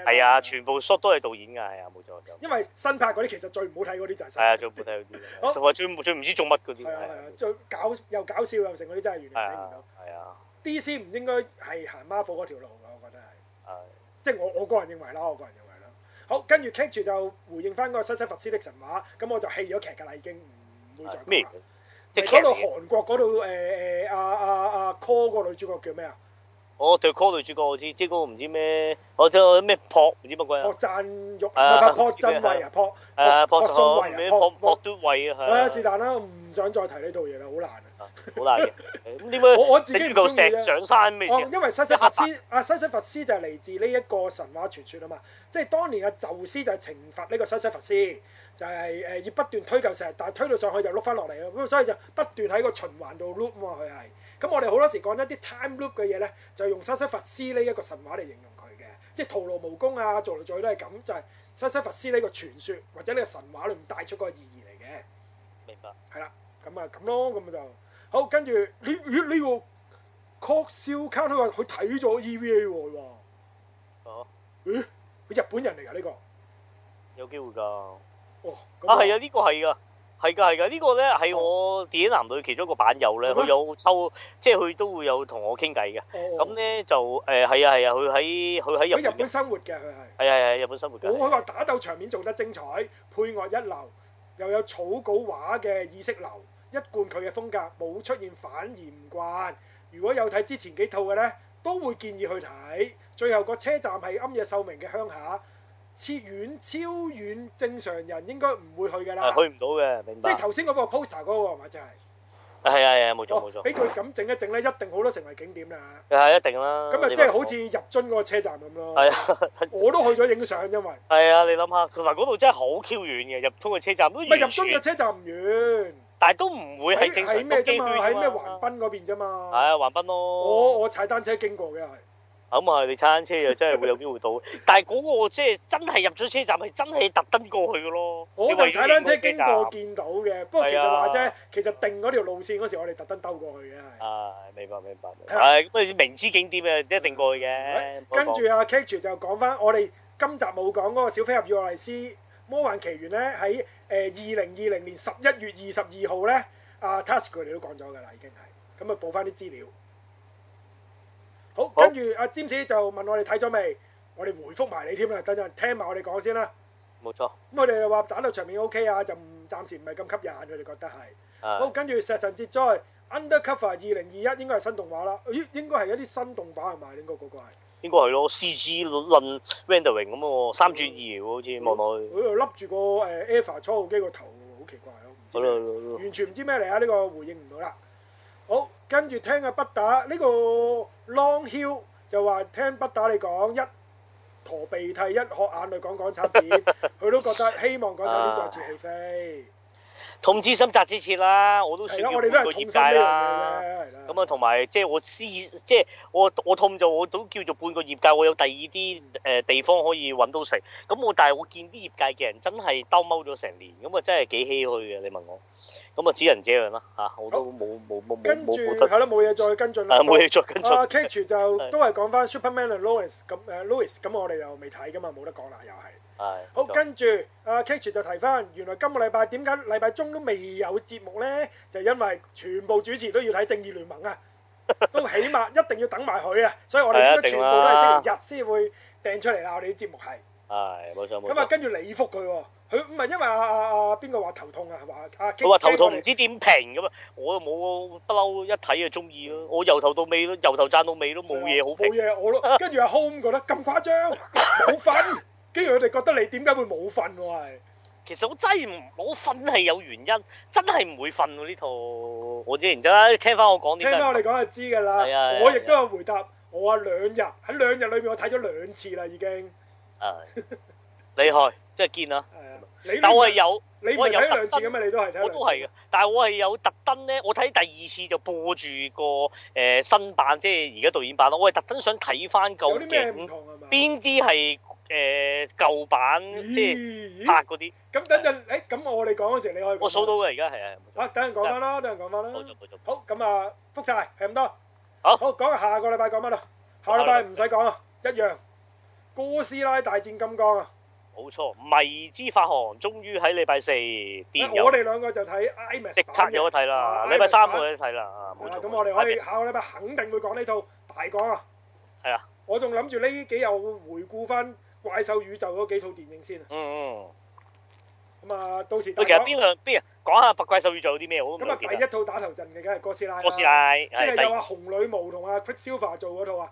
係啊，啊，啊全部 short 都係導演㗎，係啊冇錯。因為新拍嗰啲其實最唔好睇嗰啲就係新拍。係啊，啊，最唔好睇嗰啲。同埋最最唔知做乜嗰啲。係啊最搞又搞笑又成嗰啲真係原。全啊。DC 唔應該係行 Marvel 嗰條路嘅，我覺得係。啊！即係我我個人認為啦，我個人認為啦。好，跟住 c a 就回應翻、那、嗰個西西弗斯的神話，咁我就棄咗劇㗎啦，已經唔會再講。咩？即係講到韓國嗰度誒誒阿阿阿 Call 個女主角叫咩啊？我對 Call 女主角我知，即係嗰個唔知咩，我知咩朴唔知乜鬼啊？朴讚玉啊！唔係朴讚慧啊！朴朴素慧啊！朴都慧啊！係啊！是但啦，唔想再提呢套嘢啦，好難。好大嘅，咁點解我我自己中意咧？上山咩，因為西西弗斯阿、啊、西西弗斯就係嚟自呢一個神話傳說啊嘛，即係當年嘅宙斯就係懲罰呢個西西弗斯，就係誒要不斷推舊石，但係推到上去就碌翻落嚟咯，咁所以就不斷喺個循環度碌嘛，佢係。咁我哋好多時講一啲 time loop 嘅嘢咧，就用西西弗斯呢一個神話嚟形容佢嘅，即係徒勞無功啊，做嚟做去都係咁，就係、是、西西弗斯呢個傳說或者呢個神話裏面帶出個意義嚟嘅。明白。係啦，咁啊咁咯，咁就。好，跟住呢呢呢個確笑卡，佢話佢睇咗 EVA 喎，佢話哦，佢日本人嚟噶呢個，有機會㗎，哦，啊係啊，這個這個、呢個係噶，係噶係噶，呢個咧係我電影男女其中一個版友咧，佢、啊、有抽，即係佢都會有同我傾偈嘅，咁咧就誒係啊係啊，佢喺佢喺日本，生活嘅佢係，係係係日本生活㗎，佢話打鬥場面做得精彩，配樂一流，又有草稿畫嘅意識流。一貫佢嘅風格冇出現，反而唔慣。如果有睇之前幾套嘅咧，都會建議去睇。最後個車站係庵野秀明嘅鄉下，切遠超遠，正常人應該唔會去㗎啦。係去唔到嘅，明白。即係頭先嗰個 poster 嗰個，咪就係。係啊係啊，冇錯冇錯。俾佢咁整一整咧，一定好多成為景點啦。係一定啦。咁啊，即係好似入樽嗰個車站咁咯。係啊。我都去咗影相，因為。係啊，你諗下，佢話嗰度真係好 Q 遠嘅入樽嘅車站都完全。咪入樽嘅車站唔遠。但都唔會喺正式路經嘅嘛，喺咩橫濱嗰邊啫嘛。係啊，橫濱咯。哦、我我踩單車經過嘅係。咁啊，你踩單車就真係會有機會到。 但係嗰個即係真係入咗車站係真係特登過去嘅咯。我哋踩單車經過見到嘅，不過其實話啫，其實定嗰條路線嗰時我哋特登兜過去嘅係。啊，明白明白。係 啊，咁啊明知景點啊一定過去嘅，啊。跟住阿 Catch 就講翻，我哋今集冇講嗰個小飛俠與愛麗絲。《魔幻奇緣》咧喺誒二零二零年十一月二十二號咧，啊 Task 佢哋都講咗㗎啦，已經係咁啊補翻啲資料。好，跟住阿 James 就問我哋睇咗未？我哋回覆埋你添啦，等陣聽埋我哋講先啦。冇錯。咁我哋又話打到場面 OK 啊，就唔暫時唔係咁吸引佢哋覺得係。好，跟住《石神哲哉 Undercover 二零二一》應該係新動畫啦，應應該係一啲新動畫係咪應該個個係。應該 係咯，C G 論 Rendering 咁喎，三轉二好似望落去。佢又笠住個誒 Eva 初號機個頭，好奇怪，嗯嗯、完全唔知咩嚟啊！呢、這個回應唔到啦。好，跟住聽阿北打呢、這個 Long Hill 就話聽北打你講一陀鼻涕一殼眼淚講港產片，佢 都覺得希望港產片再次起飛。啊痛之深，責之切啦，我都算叫半個業界啦。咁啊，同埋即係我思即係、就是、我我痛咗，我都叫做半個業界。我有第二啲地方可以揾到食。咁我但係我見啲業界嘅人真係兜踎咗成年，咁啊真係幾唏噓嘅。你問我。咁啊，只能這樣啦嚇，我都冇冇冇冇冇冇冇得。跟住係咯，冇嘢再跟進啦。冇嘢再跟進。阿 Catcher 就都係講翻 Superman 同 Lois 咁誒 Lois，咁我哋又未睇噶嘛，冇得講啦，又係。係。好，跟住阿 Catcher 就提翻，原來今個禮拜點解禮拜中都未有節目咧？就因為全部主持都要睇《正義聯盟》啊，都起碼一定要等埋佢啊，所以我哋應該全部都係星期日先會掟出嚟啦。我哋啲節目係。係冇錯冇錯。咁啊，跟住你覆佢喎。佢唔係因為啊啊啊邊個話頭痛啊係嘛？佢、啊、話頭痛唔知點平咁啊！我又冇不嬲，一睇就中意咯。我由頭、頭到尾都，由頭贊到尾都冇嘢好冇嘢，我咯。跟住啊 Home 覺得咁誇張，冇 瞓。跟住佢哋覺得你點解會冇瞓喎？係 其實我真係唔冇瞓係有原因，真係唔會瞓喎呢套。我知然之後，聽翻我講聽翻我哋講就知㗎啦、啊。我亦都有回答，啊啊我啊兩日喺兩日裏面我睇咗兩次啦已經。誒、啊， 厲害，真係堅啊！但我係有，你唔睇兩次嘅咩？你都係，我都係嘅。但係我係有特登咧，我睇第二次就播住個誒、呃、新版，即係而家導演版咯。我係特登想睇翻有啲咩唔同，究竟邊啲係誒舊版即係拍嗰啲。咁等陣，誒咁、欸、我哋講嗰時，你可以講我數到嘅，而家係啊。啊，等陣講翻啦，等陣講翻啦。好，咁啊，覆晒。係咁多。好，好講下個禮拜講乜啦？下禮拜唔使講啊，一樣哥斯拉大戰金剛啊。冇錯，未知發行，終於喺禮拜四電影。我哋兩個就睇《IMAX》啊，即刻有得睇啦！禮拜三有得睇啦！咁我哋可下個禮拜肯定會講呢套大講啊！係啊！我仲諗住呢幾日會回顧翻怪獸宇宙嗰幾套電影先啊！嗯嗯。咁啊，到時。其實邊個邊個啊？講下百怪獸宇宙有啲咩好？咁啊，第一套打頭陣嘅梗係哥斯拉、啊、哥斯拉，即係有阿紅女巫同阿 Quicksilver 做嗰套啊！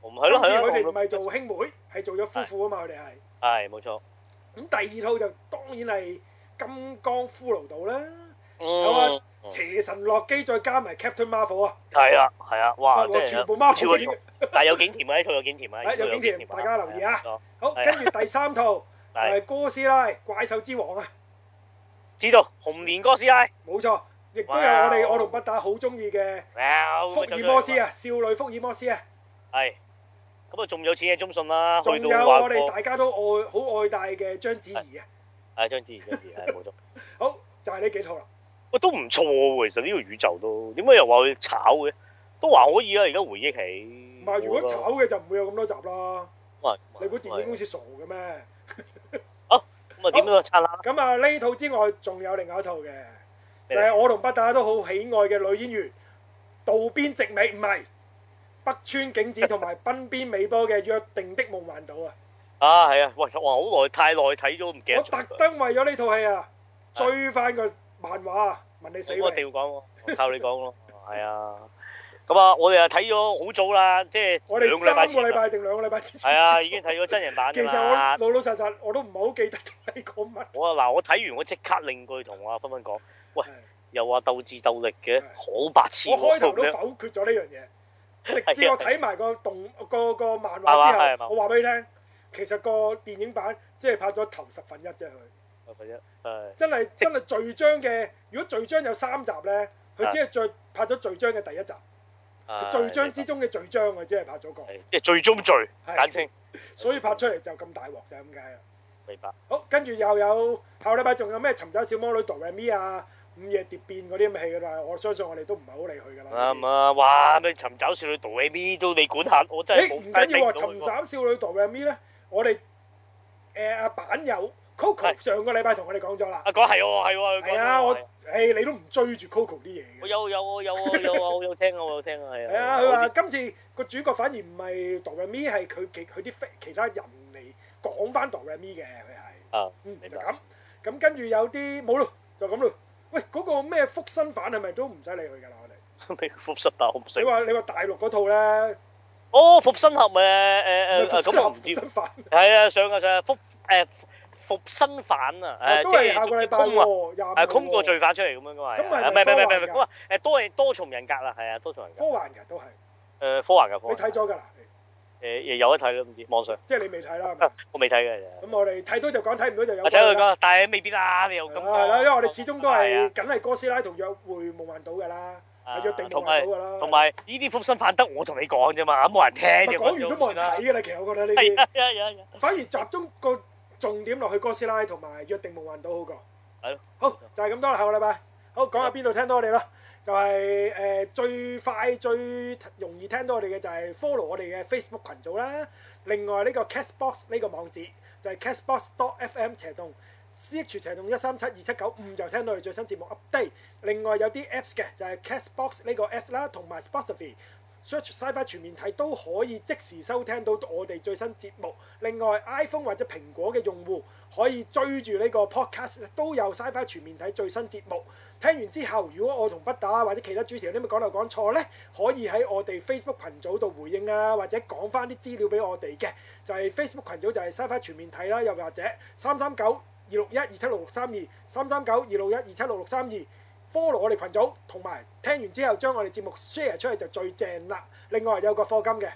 我唔係咯，佢哋唔係做兄妹，係做咗夫婦啊嘛，佢哋係。係冇錯，咁第二套就當然係金剛骷髏島啦，好啊，邪神洛基再加埋 Captain Marvel 啊，係啦係啊，哇，全部 Marvel，但係有景甜啊，呢套有景甜啊，係有景甜，大家留意啊，好，跟住第三套就係哥斯拉怪獸之王啊，知道紅蓮哥斯拉，冇錯，亦都有我哋我同不打好中意嘅福爾摩斯啊，少女福爾摩斯啊，係。咁啊，仲有錢嘅中信啦，仲有我哋大家都愛好愛戴嘅章子怡啊！係章子怡，章子怡 好，就係、是、呢幾套啦。喂，都唔錯喎，其實呢個宇宙都點解又話去炒嘅？都還可以啊，而家回憶起。唔係，如果炒嘅就唔會有咁多集啦。喂，你估電影公司傻嘅咩？ 好咁啊，點都差啦。咁啊，呢套之外仲有另外一套嘅，就係、是、我同不打都好喜愛嘅女演員道邊直美，唔係。北川景子同埋濱邊美波嘅《約定的夢幻島》啊！啊，係啊！喂，哇，好耐，太耐睇咗，唔記得。我特登為咗呢套戲啊，啊追翻個漫畫啊！問你死我一定要講，我靠你講咯，係 啊！咁啊，我哋啊睇咗好早啦，即係我哋兩個禮拜定兩個禮拜之前。係啊，已經睇咗真人版啦。其實我老老實實我都唔係好記得同你講乜。我啊，嗱，我睇完我即刻另句同阿分分講，喂，啊、又話鬥智鬥力嘅，好、啊、白痴。我開頭都否決咗呢樣嘢。直至我睇埋個動個個漫畫之後，我話俾你聽，其實個電影版即係拍咗頭十分一啫，佢十分一，真係真係序章嘅。如果序章有三集咧，佢只係最拍咗序章嘅第一集，序章之中嘅序章嘅啫，拍咗個即係最終最簡稱。所以拍出嚟就咁大鑊就係咁解啦。明白。好，跟住又有下個禮拜仲有咩尋找小魔女 Doremi 啊？午夜蝶變嗰啲咁嘅戲噶啦，我相信我哋都唔係好理佢噶啦。啱啊，哇！咩尋找少女杜拜咪都你管下，我真係冇雞兵到。唔緊要話尋找少女杜拜咪咧，我哋誒阿板友 Coco 上個禮拜同我哋講咗啦。啊，嗰係喎，係喎。係啊，我誒你都唔追住 Coco 啲嘢嘅。有有有啊，有啊，好有聽啊，好有聽啊，係啊。係啊，佢話今次個主角反而唔係杜拜咪，係佢其佢啲非其他人嚟講翻杜拜咪嘅，佢係。啊。嗯，就咁。咁跟住有啲冇咯，就咁咯。喂，嗰、嗰個咩復身犯係咪都唔使理佢㗎啦？ 複犯我哋復生我唔識。你話你話大陸嗰套咧？哦，復生俠咪？誒誒誒，咁唔、呃、知，反？係 啊，上啊上啊，上啊，復誒、呃、復身犯啊！啊都係下個禮拜、啊啊廿五號啊啊、空個罪犯出嚟咁樣噶嘛？咁唔係唔係唔係唔係唔係咁啊！誒多重人格啦，係啊，多重人格。科幻嘅都係。誒，科幻嘅科幻。你睇咗㗎啦？誒，又有得睇咯，唔知網上，即係你未睇啦，我未睇嘅。咁我哋睇到就講，睇唔到就有。睇佢講，但係未必啦，你又咁，係啦，因為我哋始終都係梗係哥斯拉同約會夢幻島噶啦，係約定夢幻島噶啦，同埋呢啲復生反得我同你講啫嘛，咁冇人聽嘅。講完都冇人睇噶啦，其實我覺得呢啲，反而集中個重點落去哥斯拉同埋約定夢幻島好過。係咯，好就係咁多啦，下個禮拜好講下邊度聽到咯。就係、是、誒、呃、最快最容易聽到我哋嘅就係 follow 我哋嘅 Facebook 群組啦。另外呢個 Castbox 呢個網址就係 Castbox.fm 斜洞 CH 斜洞一三七二七九五，就聽到你最新節目 update。另外有啲 Apps 嘅就係 Castbox 呢個 Apps 啦，同埋 Spotify、Search、Sci-Fi 全面睇都可以即時收聽到我哋最新節目。另外 iPhone 或者蘋果嘅用戶可以追住呢個 podcast 都有 Sci-Fi 全面睇最新節目。聽完之後，如果我同不打或者其他主持有啲乜講漏講錯咧，可以喺我哋 Facebook 群組度回應啊，或者講翻啲資料俾我哋嘅，就係、是、Facebook 群組就係 Sci-Fi 全面睇啦，又或者三三九二六一二七六六三二三三九二六一二七六六三二 follow 我哋群組，同埋聽完之後將我哋節目 share 出嚟就最正啦。另外有個課金嘅。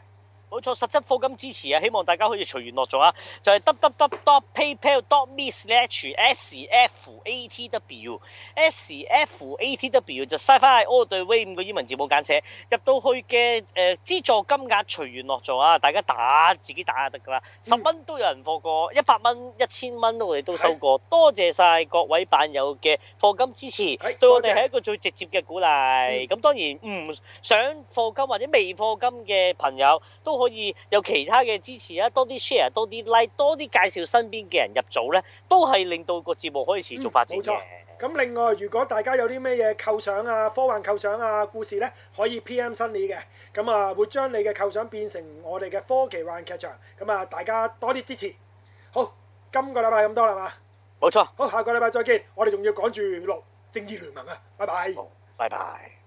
冇錯，實質課金支持啊！希望大家可以隨緣樂助啊！就係、是、www.paypal.me/sfatw/sfatw 就 Sci-Fi All The Way 五個英文字母簡寫入到去嘅誒資助金額隨緣樂助啊！大家打自己打就得噶啦，十、嗯、蚊都有人課過一百蚊、一千蚊我哋都收過、哎、多謝晒各位版友嘅課金支持，哎、對我哋係一個最直接嘅鼓勵咁、嗯、當然唔、嗯、想課金或者未課金嘅朋友都。可以有其他嘅支持啊，多啲 share，多啲 like，多啲介紹身邊嘅人入組咧，都係令到個節目可以持續發展嘅。嗯，冇錯。咁另外，如果大家有啲咩嘢構想啊，科幻構想啊，故事呢，可以 PM Sunny 嘅，咁啊會將你嘅構想變成我哋嘅科技幻劇場。咁啊，大家多啲支持。好，今個禮拜咁多啦嘛。冇錯，好，下個禮拜再見。我哋仲要趕住錄《正義聯盟》啊，拜拜，拜拜。